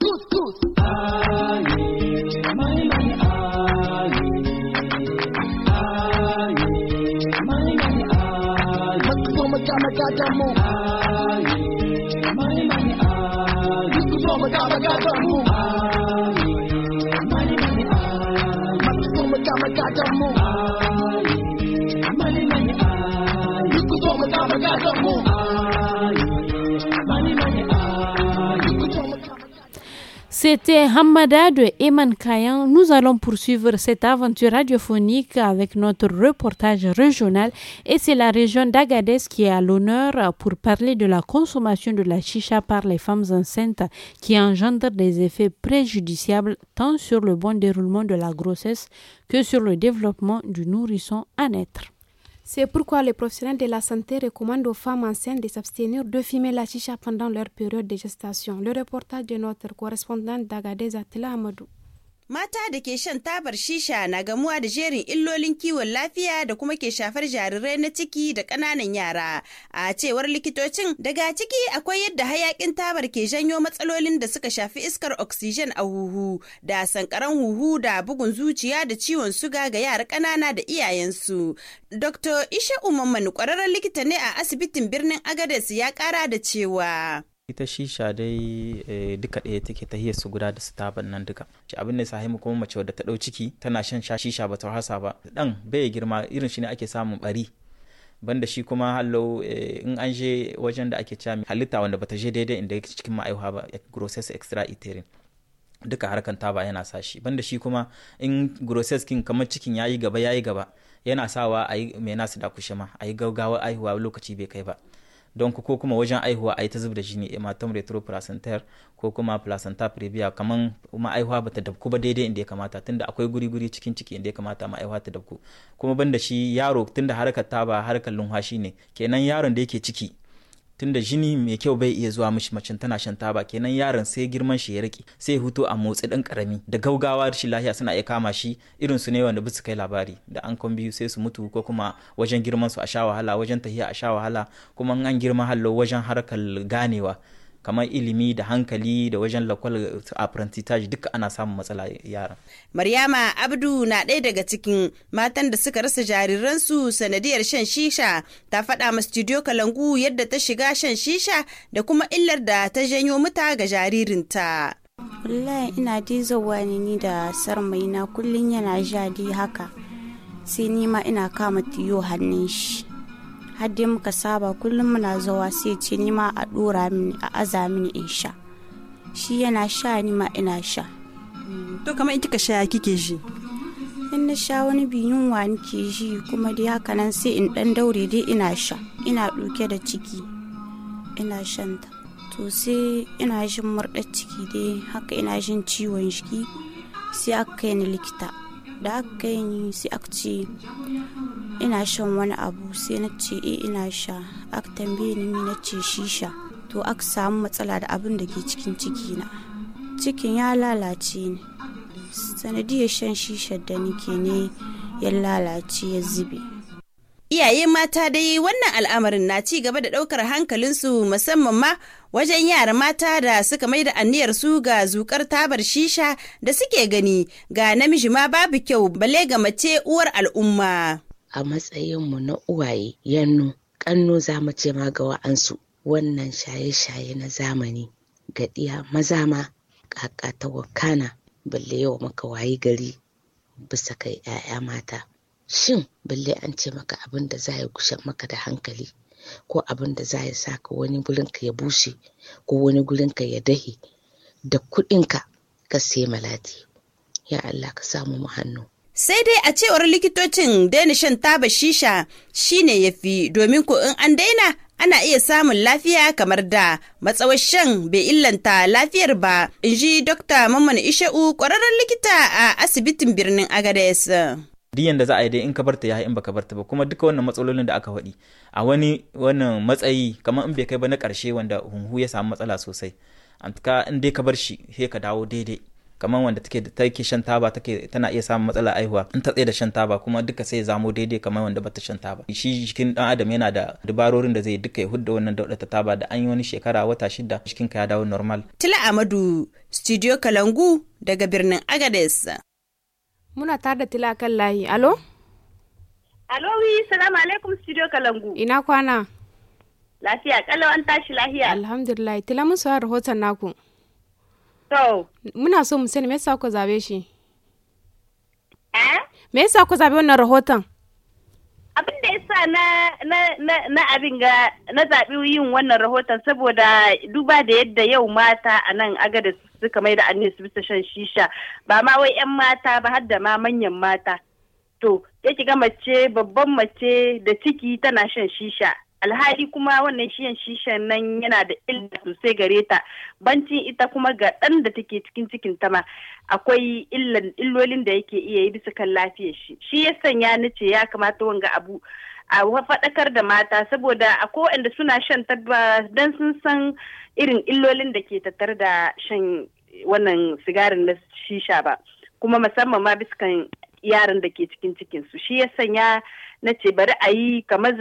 Tooth, tooth. Ali, money, money, Ali. Ali, money, money, Ali. Makutoma kama gadamu. Ali, money, money, Ali. Makutoma kama gadamu. Ali, money, money, Ali. Makutoma kama gadamu. Ali, money, money, Ali. Makutoma kama C'était Hamada de Eman Kayan. Nous allons poursuivre cette aventure radiophonique avec notre reportage régional et c'est la région d'Agadez qui est à l'honneur pour parler de la consommation de la chicha par les femmes enceintes qui engendre des effets préjudiciables tant sur le bon déroulement de la grossesse que sur le développement du nourrisson à naître. C'est pourquoi les professionnels de la santé recommandent aux femmes enceintes de s'abstenir de fumer la chicha pendant leur période de gestation. Le reportage de notre correspondante d'Agadez Atela Amadou. Mata da ke shan tabar shisha na gamuwa da jerin illolin kiwon lafiya da kuma ke shafar jarirai na ciki da ƙananan yara. A cewar likitocin daga ciki akwai yadda hayakin tabar ke janyo matsalolin da suka shafi iskar oxygen a huhu da sankaran huhu da bugun zuciya da ciwon suga ga yara ƙanana da iyayensu. Dr. Isha Umaman ƙwararren likita ne a asibitin birnin Agadez ya ƙara da cewa. ita shisha dai eh, duka ɗaya take ta hiyar su guda da su taban nan duka ci abin da sahimu kuma mace wadda ta ɗau ciki tana shan sha shisha ba ta hasa ba ɗan bai girma irin shi ne ake samun bari banda shi kuma hallo eh, in an je wajen da ake cami halitta wanda bata je daidai inda yake cikin ma'aihuwa ba grosses extra iterin duka harkan taba yana sa shi banda shi kuma in grosses kin kamar cikin yayi gaba yayi gaba yana sawa a mai nasu da kushe ma a yi gaggawa aihuwa lokaci bai kai ba don ko kuma wajen aihuwa a yi ta zub da jini eh, retro placentar ko kuma placenta previa kaman kuma aihuwa ba ta dabku ba daidai inda ya kamata tunda akwai guri guri cikin ciki inda ya kamata ma aihuwa ta dabku kuma banda shi yaro tunda harkar ta ba harkar lumhashi ne kenan yaron da yake ciki tunda jini mai kyau bai iya zuwa mishi macin tana shan taba kenan yaron sai girman shi ya rike sai ya huto a motsi dan karami da gaugawa shi lahiya suna iya kama shi irin su ne wanda bisu kai labari da an kan biyu sai su mutu ko kuma wajen girman su a sha wahala wajen tahiya a sha wahala kuma an girma hallo wajen harkar ganewa kamar ilimi da hankali da wajen lakwal apprentice duka ana samun matsala yaran. Maryama Abdu na ɗaya daga cikin matan da suka rasa jariransu sanadiyar shan shisha ta faɗa ma studio Kalangu yadda ta shiga shan shisha da kuma illar da ta janyo mata ga jaririnta. Wallahi ina dizowa ne ni da na kullum yana jadi haka sai ni ma ina kama tiyo hannun shi. har dai muka saba kullum muna zuwa sai ce ni a dora mini a aza mini in sha shi yana sha ni ma ina sha to kamar in kika sha kike ji in na sha wani biyun wa nike ji kuma dai haka nan sai in dan daure dai ina sha ina ɗauke da ciki ina shan ta to sai ina jin murɗar ciki dai haka ina jin ciwon jiki sai aka kai ni likita da aka yi sai aka ce ina shan wani abu sai na ce e ina sha aka tambaye ni na ce shisha to aka samu matsala da abin da ke cikin cikina cikin ya lalace ni sanadiyar shan shisha da nike ne ya lalace ya zube iyaye mata dai wannan al'amarin na ci gaba da ɗaukar hankalinsu musamman ma wajen yara mata da suka mai da anniyar su ga zukar tabar shisha da suke gani ga namiji ma babu kyau bale ga mace uwar al'umma. A matsayinmu na uwaye yannu kanno za mu ce ma ga wa'ansu wannan shaye-shaye na zamani ga ɗiya maza ma kaka ta wakana balle yau maka waye gari bisa kai 'ya'ya mata. Shin balle an ce maka abin da za ya kushe maka da hankali ko abin da za ya sa ka wani gurin ka ya bushe ko wani gurin ka ya dahe da kuɗinka ka sai malati ya Allah ka samu mu hannu sai dai a cewar likitocin daina shan taba shisha shine yafi domin ko in an daina ana iya samun lafiya kamar da matsawar shan bai illanta lafiyar ba in ji dr mamman isha'u kwararren likita a asibitin birnin agades duk yadda za a yi dai in ka barta ya in baka barta ba kuma duka wannan matsalolin da aka faɗi a wani wannan matsayi kamar in bai kai ba na ƙarshe wanda hunhu ya samu matsala sosai an ka in dai ka bar shi sai ka dawo daidai kamar wanda take da take shan taba take tana iya samun matsala aihuwa in ta tsaye da shan taba kuma duka sai zamo daidai kamar wanda bata shan taba shi jikin dan adam yana da dubarorin da zai duka ya hudda wannan daudata taba da an yi wani shekara wata shida jikin ka ya dawo normal tila amadu studio kalangu daga birnin agades Muna tare da tila kan layi. Alo? Alo, wi, salamu alaikum studio Kalangu. Ina kwana? Lafiya, kalau an tashi lafiya. Alhamdulillah, tila mun saurara rahoton naku. To. Muna so mu sani me yasa ku zabe shi? Eh? Me yasa ku zabe wannan rahoton? abin da ya sa na na abin ga na zaɓi yin wannan rahoton saboda duba da yadda yau mata a nan agada suka mai da annis bisa shan shisha ba ma wai 'yan mata ba har da ma manyan mata to ya ga mace babban mace da ciki tana shan shisha alhali kuma wannan shiyan shishan nan yana da illa sosai gare ta bancin ita kuma ga ɗan da take cikin cikin ta ma akwai illolin da yake iya yi bisa kan lafiyar shi shi ya sanya ni ce ya kamata wanga abu a faɗakar da mata saboda ko waɗanda suna shan tabba don sun san irin illolin da ke tattar da shan wannan sigarin na shisha ba kuma musamman ma bisa kan yaran da ke cikin cikinsu shi ya sanya na ce bari a yi kamar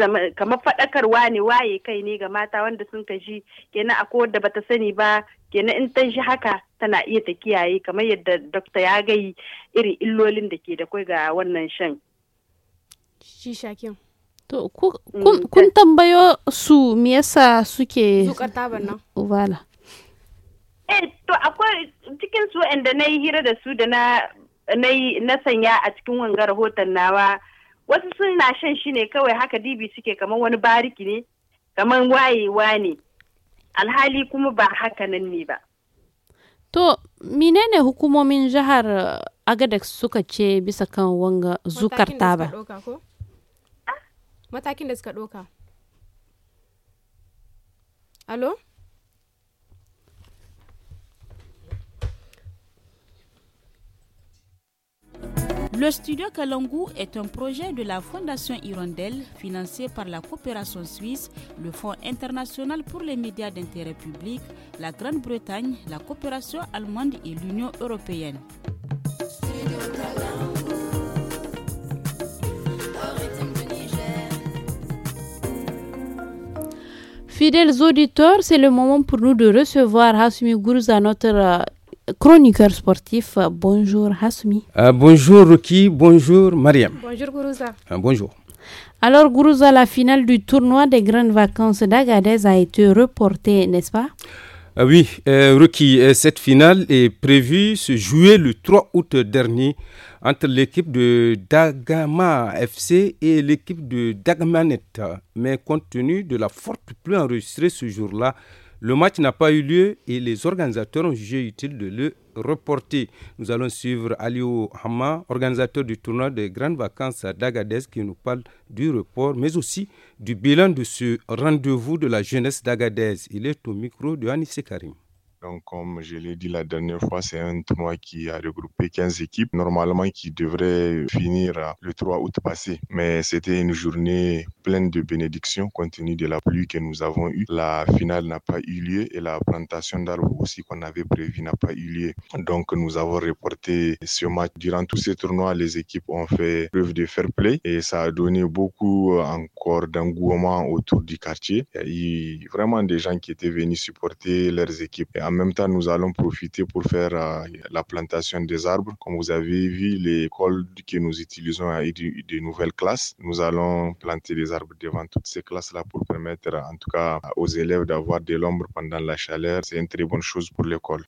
faɗakarwa ne waye kai ne ga mata wanda sun ka ji kenan a da bata sani ba kenan in ta shi haka tana iya ta kiyaye kamar yadda dokta ya gai irin illolin da ke da kai ga wannan shan. Shi shakin. To, mm, kun tambayo su me yasa suke ubala. Eh, to akwai cikin su inda na yi hira da su da na na sanya a cikin wanga rahoton nawa wasu na shan shi ne kawai haka dibi suke kamar wani bariki ne kamar wayewa ne alhali kuma ba haka nan ne ba to menene hukumomin jihar agadex suka ce bisa kan wanga zukar taba matakin da suka doka alo Le studio Kalangu est un projet de la Fondation Hirondelle financé par la coopération suisse, le Fonds international pour les médias d'intérêt public, la Grande-Bretagne, la coopération allemande et l'Union européenne. Fidèles auditeurs, c'est le moment pour nous de recevoir Hasumi à notre euh, chroniqueur sportif. Euh, bonjour Hassoumi. Euh, bonjour Ruki, bonjour Mariam. Bonjour Gourouza. Euh, bonjour. Alors Gourouza, la finale du tournoi des grandes vacances d'Agadez a été reportée, n'est-ce pas Oui, Ruki, cette finale est prévue se jouer le 3 août dernier entre l'équipe de Dagama FC et l'équipe de Dagmanet. Mais compte tenu de la forte pluie enregistrée ce jour-là, le match n'a pas eu lieu et les organisateurs ont jugé utile de le reporter. Nous allons suivre Aliou Hama, organisateur du tournoi des grandes vacances à d'Agadez, qui nous parle du report, mais aussi du bilan de ce rendez-vous de la jeunesse d'Agadez. Il est au micro de Anissé Karim. Donc, comme je l'ai dit la dernière fois, c'est un tournoi qui a regroupé 15 équipes, normalement qui devrait finir le 3 août passé. Mais c'était une journée pleine de bénédictions compte tenu de la pluie que nous avons eue. La finale n'a pas eu lieu et la plantation d'arbres aussi qu'on avait prévu n'a pas eu lieu. Donc, nous avons reporté ce match. Durant tous ces tournois, les équipes ont fait preuve de fair play et ça a donné beaucoup euh, encore d'engouement autour du quartier. Il y a eu vraiment des gens qui étaient venus supporter leurs équipes. Et en même temps, nous allons profiter pour faire euh, la plantation des arbres. Comme vous avez vu, l'école que nous utilisons a des de nouvelles classes. Nous allons planter des arbres devant toutes ces classes-là pour permettre, en tout cas, aux élèves d'avoir de l'ombre pendant la chaleur. C'est une très bonne chose pour l'école.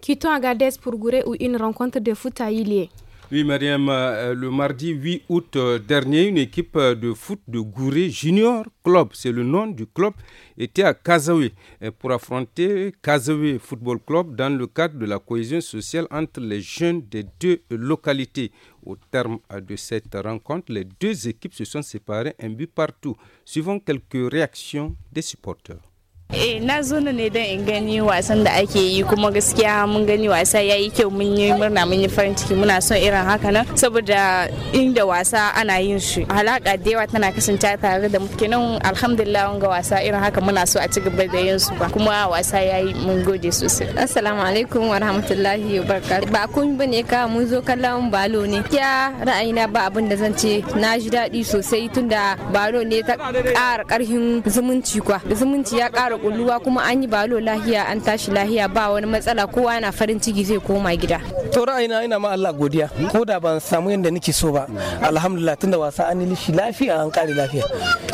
Quittons Agadez pour Gouré ou une rencontre de foot à Ilié. Oui, Mariam, euh, le mardi 8 août euh, dernier, une équipe euh, de foot de Gouré Junior Club, c'est le nom du club, était à Kazaoué pour affronter Kazaoué Football Club dans le cadre de la cohésion sociale entre les jeunes des deux localités. Au terme de cette rencontre, les deux équipes se sont séparées un but partout, suivant quelques réactions des supporters. Eh na zo na ne don in gani wasan da ake yi kuma gaskiya mun gani wasa ya yi kyau mun yi murna mun yi farin ciki muna son irin haka nan saboda inda wasa ana yin shi alaka da yawa tana kasance tare da nan alhamdulillah ga wasa irin haka muna so a ci gaba da yin su ba kuma wasa ya yi mun gode sosai. Assalamu alaikum wa rahmatullahi wa Ba kun bane ka mun zo kallon balo ne. Kya ra'ayina ba abin da zan ce na ji daɗi sosai tunda balo ne ta ƙara ƙarfin zumunci kwa. Zumunci ya ƙara kuluwa kuma an yi balo lahiya an tashi lahiya ba wani matsala kowa yana farin ciki zai koma gida to ra'ayina ina ma Allah godiya ko da ban samu yadda nake so ba alhamdulillah tunda wasa an yi shi lafiya an kare lafiya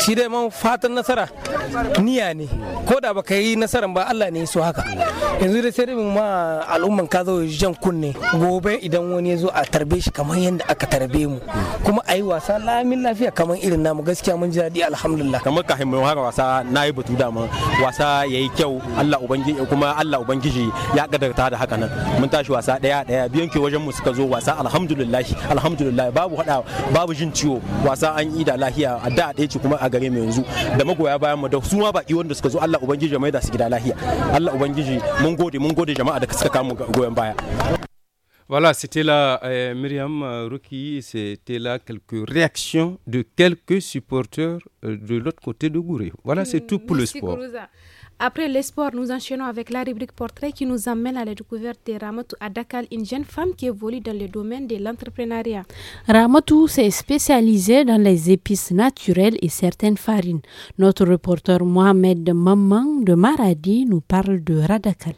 shi dai man fatan nasara niya ne ko da baka yi nasaran ba Allah ne so haka yanzu dai sai mu ma al'umman ka zo jan kunne gobe idan wani ya zo a tarbe shi kamar yadda aka tarbe mu kuma ayi yi wasa lamin lafiya kamar irin namu gaskiya mun ji daɗi alhamdulillah kamar ka mai haka wasa na yi batu dama wasa ya yi kyau Allah ubangiji kuma Allah ubangiji ya kadarta da haka nan mun tashi wasa daya daya biyan ke wajen mu suka zo wasa alhamdulillah alhamdulillah babu hada babu jin ciwo wasa an yi da lahiya a da ɗaya ce kuma a gare mu yanzu da magoya bayan mu da su ma baki wanda suka zo Allah ubangiji ya maida su gida lahiya Allah ubangiji mun gode mun gode jama'a da suka mu goyon baya Voilà, c'était là euh, Myriam euh, c'était là quelques réactions de quelques supporters euh, de l'autre côté de Gouré. Voilà, c'est mm, tout pour le sport. Après Après l'espoir, nous enchaînons avec la rubrique portrait qui nous amène à la découverte de Ramatou Adakal, une jeune femme qui évolue dans le domaine de l'entrepreneuriat. Ramatou s'est spécialisée dans les épices naturelles et certaines farines. Notre reporter Mohamed Maman de Maradi nous parle de Radakal.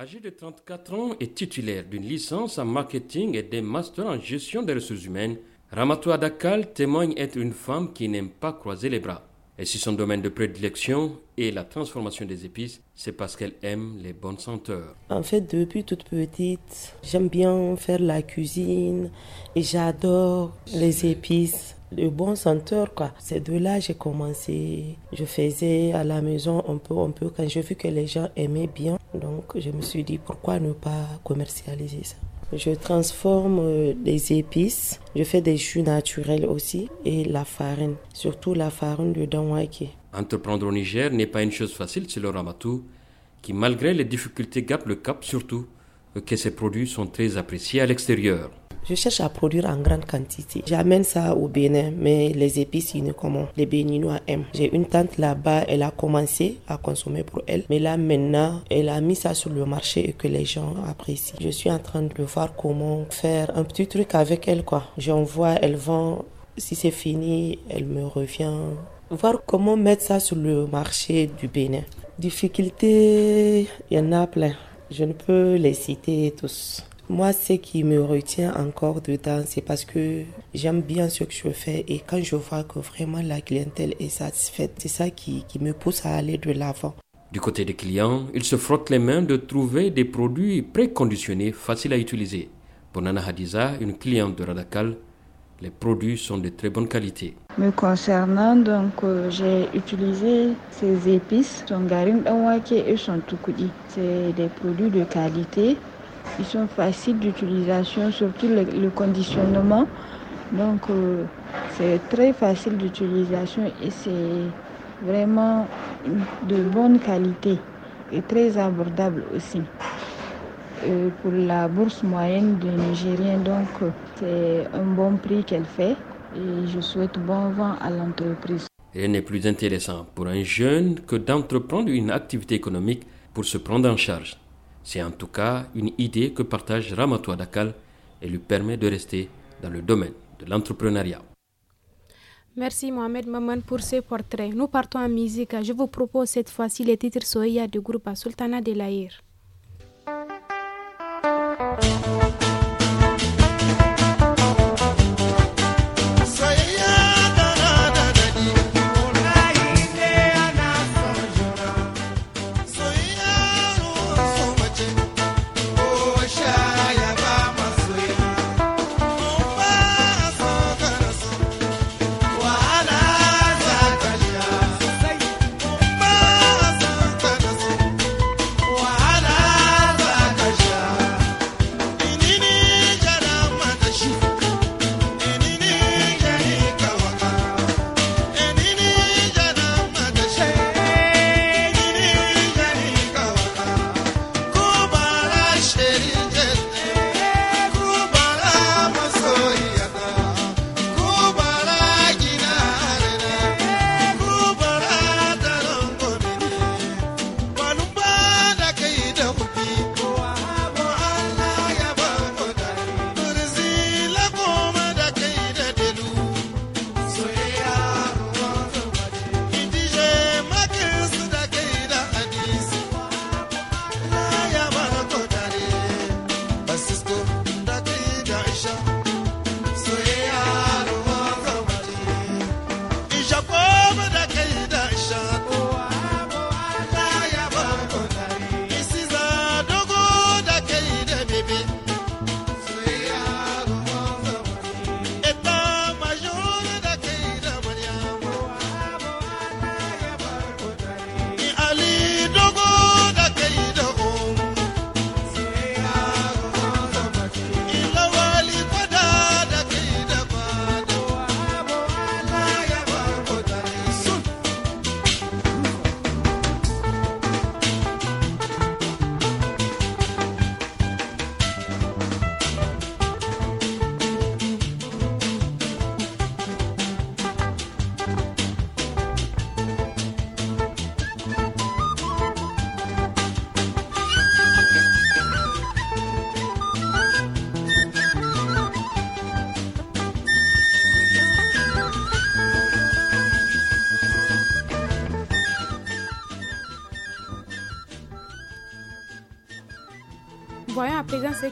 Âgée de 34 ans et titulaire d'une licence en marketing et d'un master en gestion des ressources humaines, Ramato Adakal témoigne être une femme qui n'aime pas croiser les bras. Et si son domaine de prédilection est la transformation des épices, c'est parce qu'elle aime les bonnes senteurs. En fait, depuis toute petite, j'aime bien faire la cuisine et j'adore les épices de bons senteurs quoi. C'est de là j'ai commencé. Je faisais à la maison un peu, un peu quand j'ai vu que les gens aimaient bien. Donc je me suis dit pourquoi ne pas commercialiser ça. Je transforme euh, des épices, je fais des jus naturels aussi et la farine, surtout la farine de Waiki Entreprendre au Niger n'est pas une chose facile, c'est le Ramatou, qui malgré les difficultés gap le cap surtout que ses produits sont très appréciés à l'extérieur. Je cherche à produire en grande quantité. J'amène ça au Bénin, mais les épices, ils ne comment les Béninois aiment. J'ai une tante là-bas, elle a commencé à consommer pour elle, mais là maintenant, elle a mis ça sur le marché et que les gens apprécient. Je suis en train de voir comment faire un petit truc avec elle, quoi. J'envoie, elle vend. Si c'est fini, elle me revient. Voir comment mettre ça sur le marché du Bénin. Difficultés, il y en a plein. Je ne peux les citer tous. Moi, ce qui me retient encore dedans, c'est parce que j'aime bien ce que je fais et quand je vois que vraiment la clientèle est satisfaite, c'est ça qui, qui me pousse à aller de l'avant. Du côté des clients, ils se frottent les mains de trouver des produits préconditionnés faciles à utiliser. Pour Nana Hadiza, une cliente de Radakal, les produits sont de très bonne qualité. Me concernant, donc, euh, j'ai utilisé ces épices, son garim et C'est des produits de qualité ils sont faciles d'utilisation, surtout le, conditionnement. Donc, euh, c'est très facile d'utilisation et c'est vraiment de bonne qualité et très abordable aussi. Euh, pour la bourse moyenne du Nigérien, donc, c'est un bon prix qu'elle fait et je souhaite bon vent à l'entreprise. Rien n'est plus intéressant pour un jeune que d'entreprendre une activité économique pour se prendre en charge. C'est en tout cas une idée que partage Ramatou Dakal et lui permet de rester dans le domaine de l'entrepreneuriat. Merci Mohamed Maman pour ce portrait. Nous partons en musique. Je vous propose cette fois-ci les titres Soya du groupe Sultana de Laïr.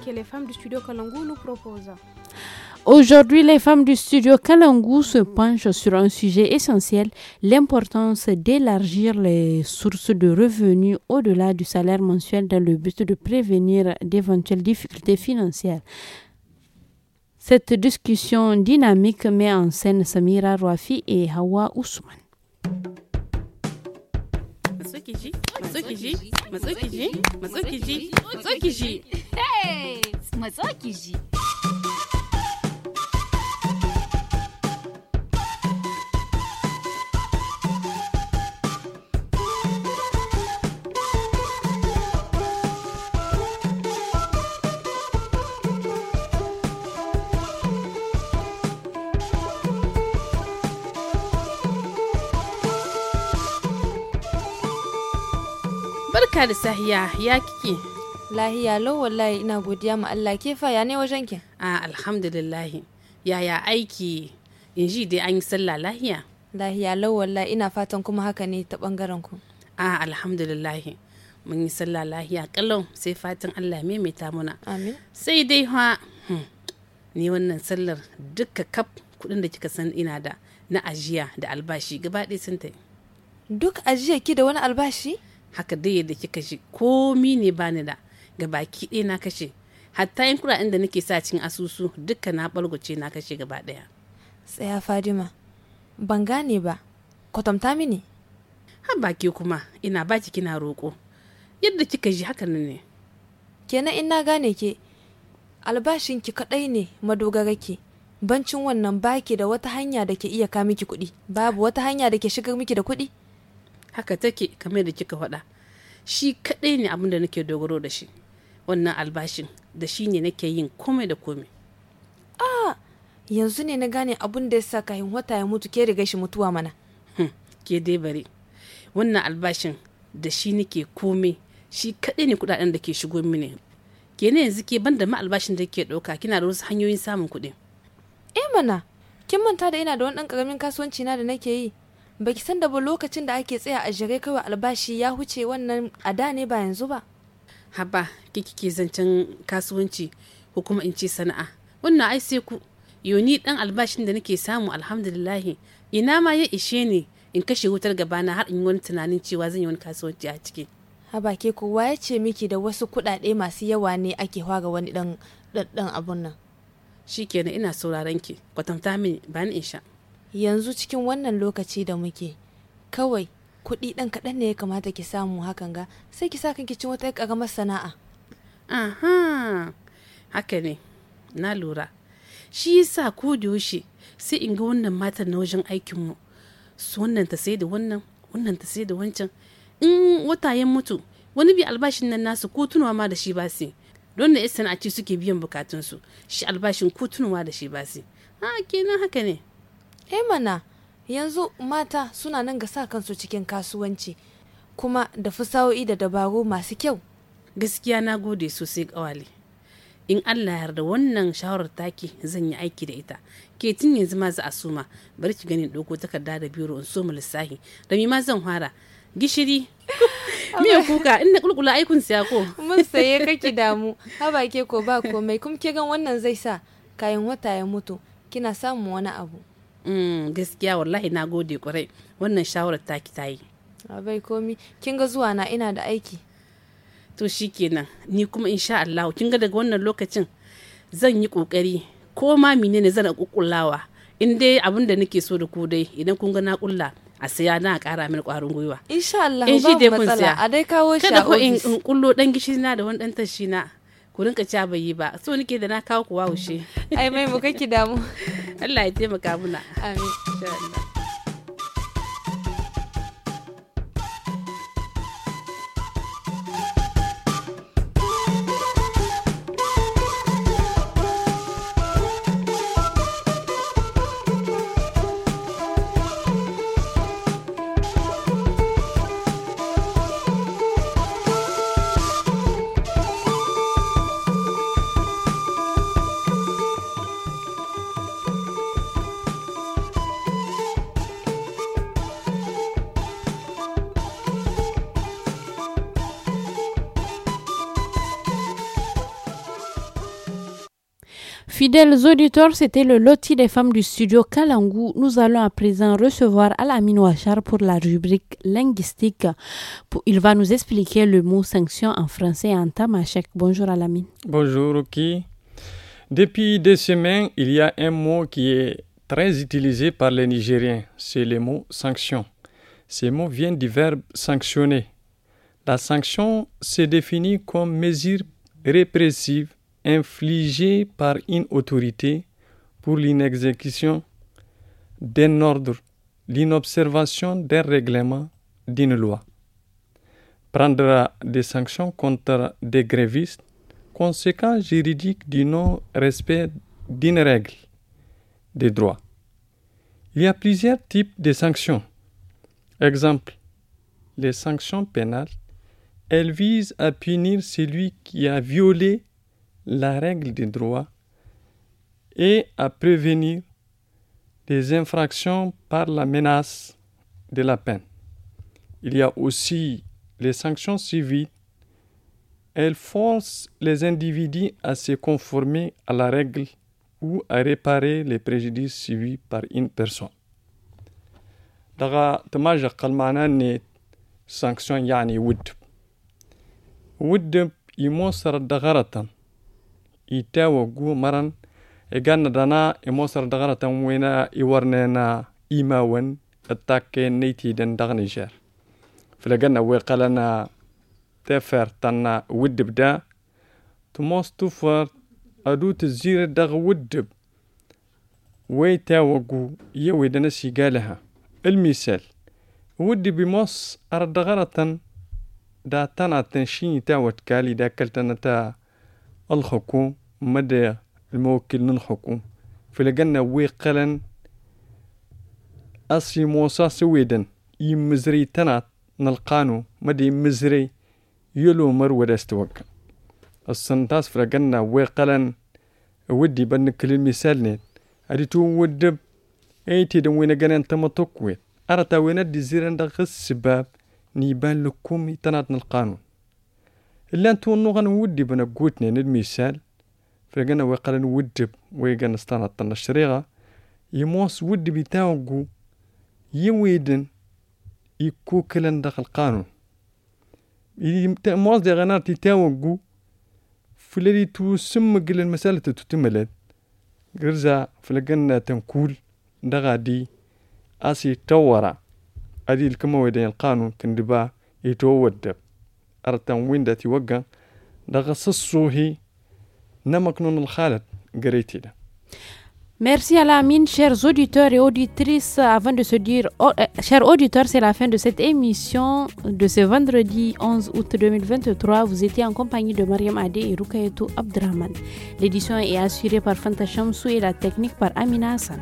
que les femmes du studio Kalangu nous Aujourd'hui, les femmes du studio Kalangu se penchent sur un sujet essentiel, l'importance d'élargir les sources de revenus au-delà du salaire mensuel dans le but de prévenir d'éventuelles difficultés financières. Cette discussion dynamique met en scène Samira Rouafi et Hawa Ousmane. matso ki ji matso barka da sahiya ya kike lahiya lau wallahi ina godiya ma Allah ke fa ya ne wajen ki a alhamdulillah yaya aiki in ji dai an yi sallah lahiya lahiya lau wallahi ina fatan kuma haka ne ta bangaren ku a alhamdulillah mun yi sallah lahiya kallon sai fatan Allah maimaita muna amin sai dai ha hmm, ni wannan sallar duka kaf kudin da kika san ina da na ajiya da albashi gaba ɗaya sun ta duk ajiya ki da wani albashi haka dai yadda kika shi komi ne bani da ga baki ɗaya na kashe hatta yin kuɗaɗen da nake sa cikin asusu duka na ɓalgwace na kashe gaba ɗaya. tsaya fadima ban gane ba kwatanta mini ha baki kuma ina baki kina roƙo yadda kika ji haka ne kenan in na gane ke albashin ki kadai ne madogara ke bancin wannan baki da wata hanya da ke iya ka miki kuɗi babu wata hanya da ke shigar miki da kuɗi haka take kamar da kika faɗa shi kaɗai ne abin da nake dogaro da shi wannan albashin da shi ne nake yin komai da komai ah yanzu ne na gane abin da ya sa kayan wata ya mutu ke riga shi mutuwa mana hmm, ke dai bare wannan albashin da shi nake komai shi kaɗai ne kuɗaɗen da ke shigo mini ke ne yanzu ke banda ma albashin da ke ɗauka kina da wasu hanyoyin samun kuɗi eh mana kin manta da ina da wani ɗan ƙaramin kasuwanci na da nake yi baki san da ba lokacin da ake tsaya a jere kawai albashi ya huce wannan a da ne ba yanzu ba haba kike zancen kasuwanci ko kuma in ce sana'a wannan ai sai ku yoni dan albashin da nake samu alhamdulillahi ina ma ya ishe ne in kashe wutar gabana har in wani tunanin cewa zan yi wani kasuwanci a ciki haba ke kowa ya ce miki da wasu kuɗaɗe masu yawa ne ake hwaga wani dan dan abun nan shikenan ina sauraron ki kwatanta mini bani in sha yanzu cikin wannan lokaci da muke kawai kuɗi ɗan kaɗan ne ya kamata ki samu hakan ga sai ki sa kanki cin wata ƙaramar sana'a aha haka ne na lura shi yasa ko da yaushe sai in ga wannan matar na wajen aikin mu su wannan ta sai da wannan wannan ta sai da wancan in wata ya mutu wani bi albashin nan nasu ko tunawa ma da shi ba sai don da ce suke biyan bukatunsu shi albashin ko tunawa da shi ba sai ha kenan haka ne eh mana yanzu mata suna nan ga sa kansu cikin kasuwanci kuma da fasaho'i da dabaru masu kyau gaskiya na gode sosai kawale in allah ya yarda wannan shawarar taki zan yi aiki da ita ke tun yanzu ma za a suma bari ki gani ɗauko takarda da biro in so mu lissafi da ma zan fara gishiri miya kuka na kulkula aikun siya ko mun saye kake damu haba ke ko ba komai kuma ke gan wannan zai sa kayan wata ya mutu kina samun wani abu Mm, gaskiya wallahi na gode kwarai wannan shawarar taki ta yi abai komi kin ga zuwa na ina da aiki to shikenan ni kuma insha Allah kin ga daga wannan lokacin zan yi kokari ko ma menene zan kukullawa in dai abin da nake so da ku dai idan kun ga na kulla a siya na kara min kwarin gwiwa insha Allah ba matsala a dai kawo shi a kada ko in kullo dan gishiri na da wani dan tashi na ku rinka ca bai yi ba so nike da na kawo ku wawushe ai mai mu kake damu Allah ya taimaka muna amin insha Allah Fidèles auditeurs, c'était le loti des femmes du studio Kalangu. Nous allons à présent recevoir Alamine Ouachar pour la rubrique linguistique. Il va nous expliquer le mot sanction en français en tamashek. Bonjour Alamine. Bonjour Ruki. Depuis des semaines, il y a un mot qui est très utilisé par les Nigériens. C'est le mot sanction. Ce mot vient du verbe sanctionner. La sanction se définit comme mesure répressive Infligé par une autorité pour l'inexécution d'un ordre, l'inobservation d'un règlement, d'une loi. Prendra des sanctions contre des grévistes, conséquences juridique du non-respect d'une règle des droits. Il y a plusieurs types de sanctions. Exemple, les sanctions pénales, elles visent à punir celui qui a violé la règle du droit et à prévenir des infractions par la menace de la peine. Il y a aussi les sanctions civiles. Elles forcent les individus à se conformer à la règle ou à réparer les préjudices subis par une personne. sanction yani wud wud itawa gu maran igana dana imosar dagana tan wena iwarnena imawan attakke neytiden dagnisher filagana weqalana tefer tanna widib da tmos tufar adu tzire dag widib ويتاوغو وقو يويدنا سيقالها المثال ودي بمص أردغرة داتنا تنشيني تاوت كالي داكلتنا تا الحكوم مدى الموكل نلحكم فلقنا ويقلا أصي موسى سويدا يمزري تنات نلقانو مدي مزري يلو مر استوك السنتاس فلقنا ويقلا ودي بنكل للمثال نيت تو ودب ايتي دوينا جنان تمتوكويت أرتا وين دي زيران دا غس سباب نيبان لكم تنات نلقانو إلا أنتو أنو غنودي بنقوتنا المثال فقنا ويقال نوجب ويقال نستانا طن الشريغة يموس ود بتاوكو يويدن يكوكلن داخل القانون موس دي غنار تتاوكو تو سم قل المسألة تتملت غرزا فلقنا تنكول دغادي أسي تورا أدي الكمويدين القانون كندبا يتوودب Merci à la mine, chers auditeurs et auditrices. Avant de se dire, euh, chers auditeurs, c'est la fin de cette émission de ce vendredi 11 août 2023. Vous étiez en compagnie de Mariam Adé et Rukayetou Abdraman. L'édition est assurée par Fanta Shamsou et la technique par Amina Hassan.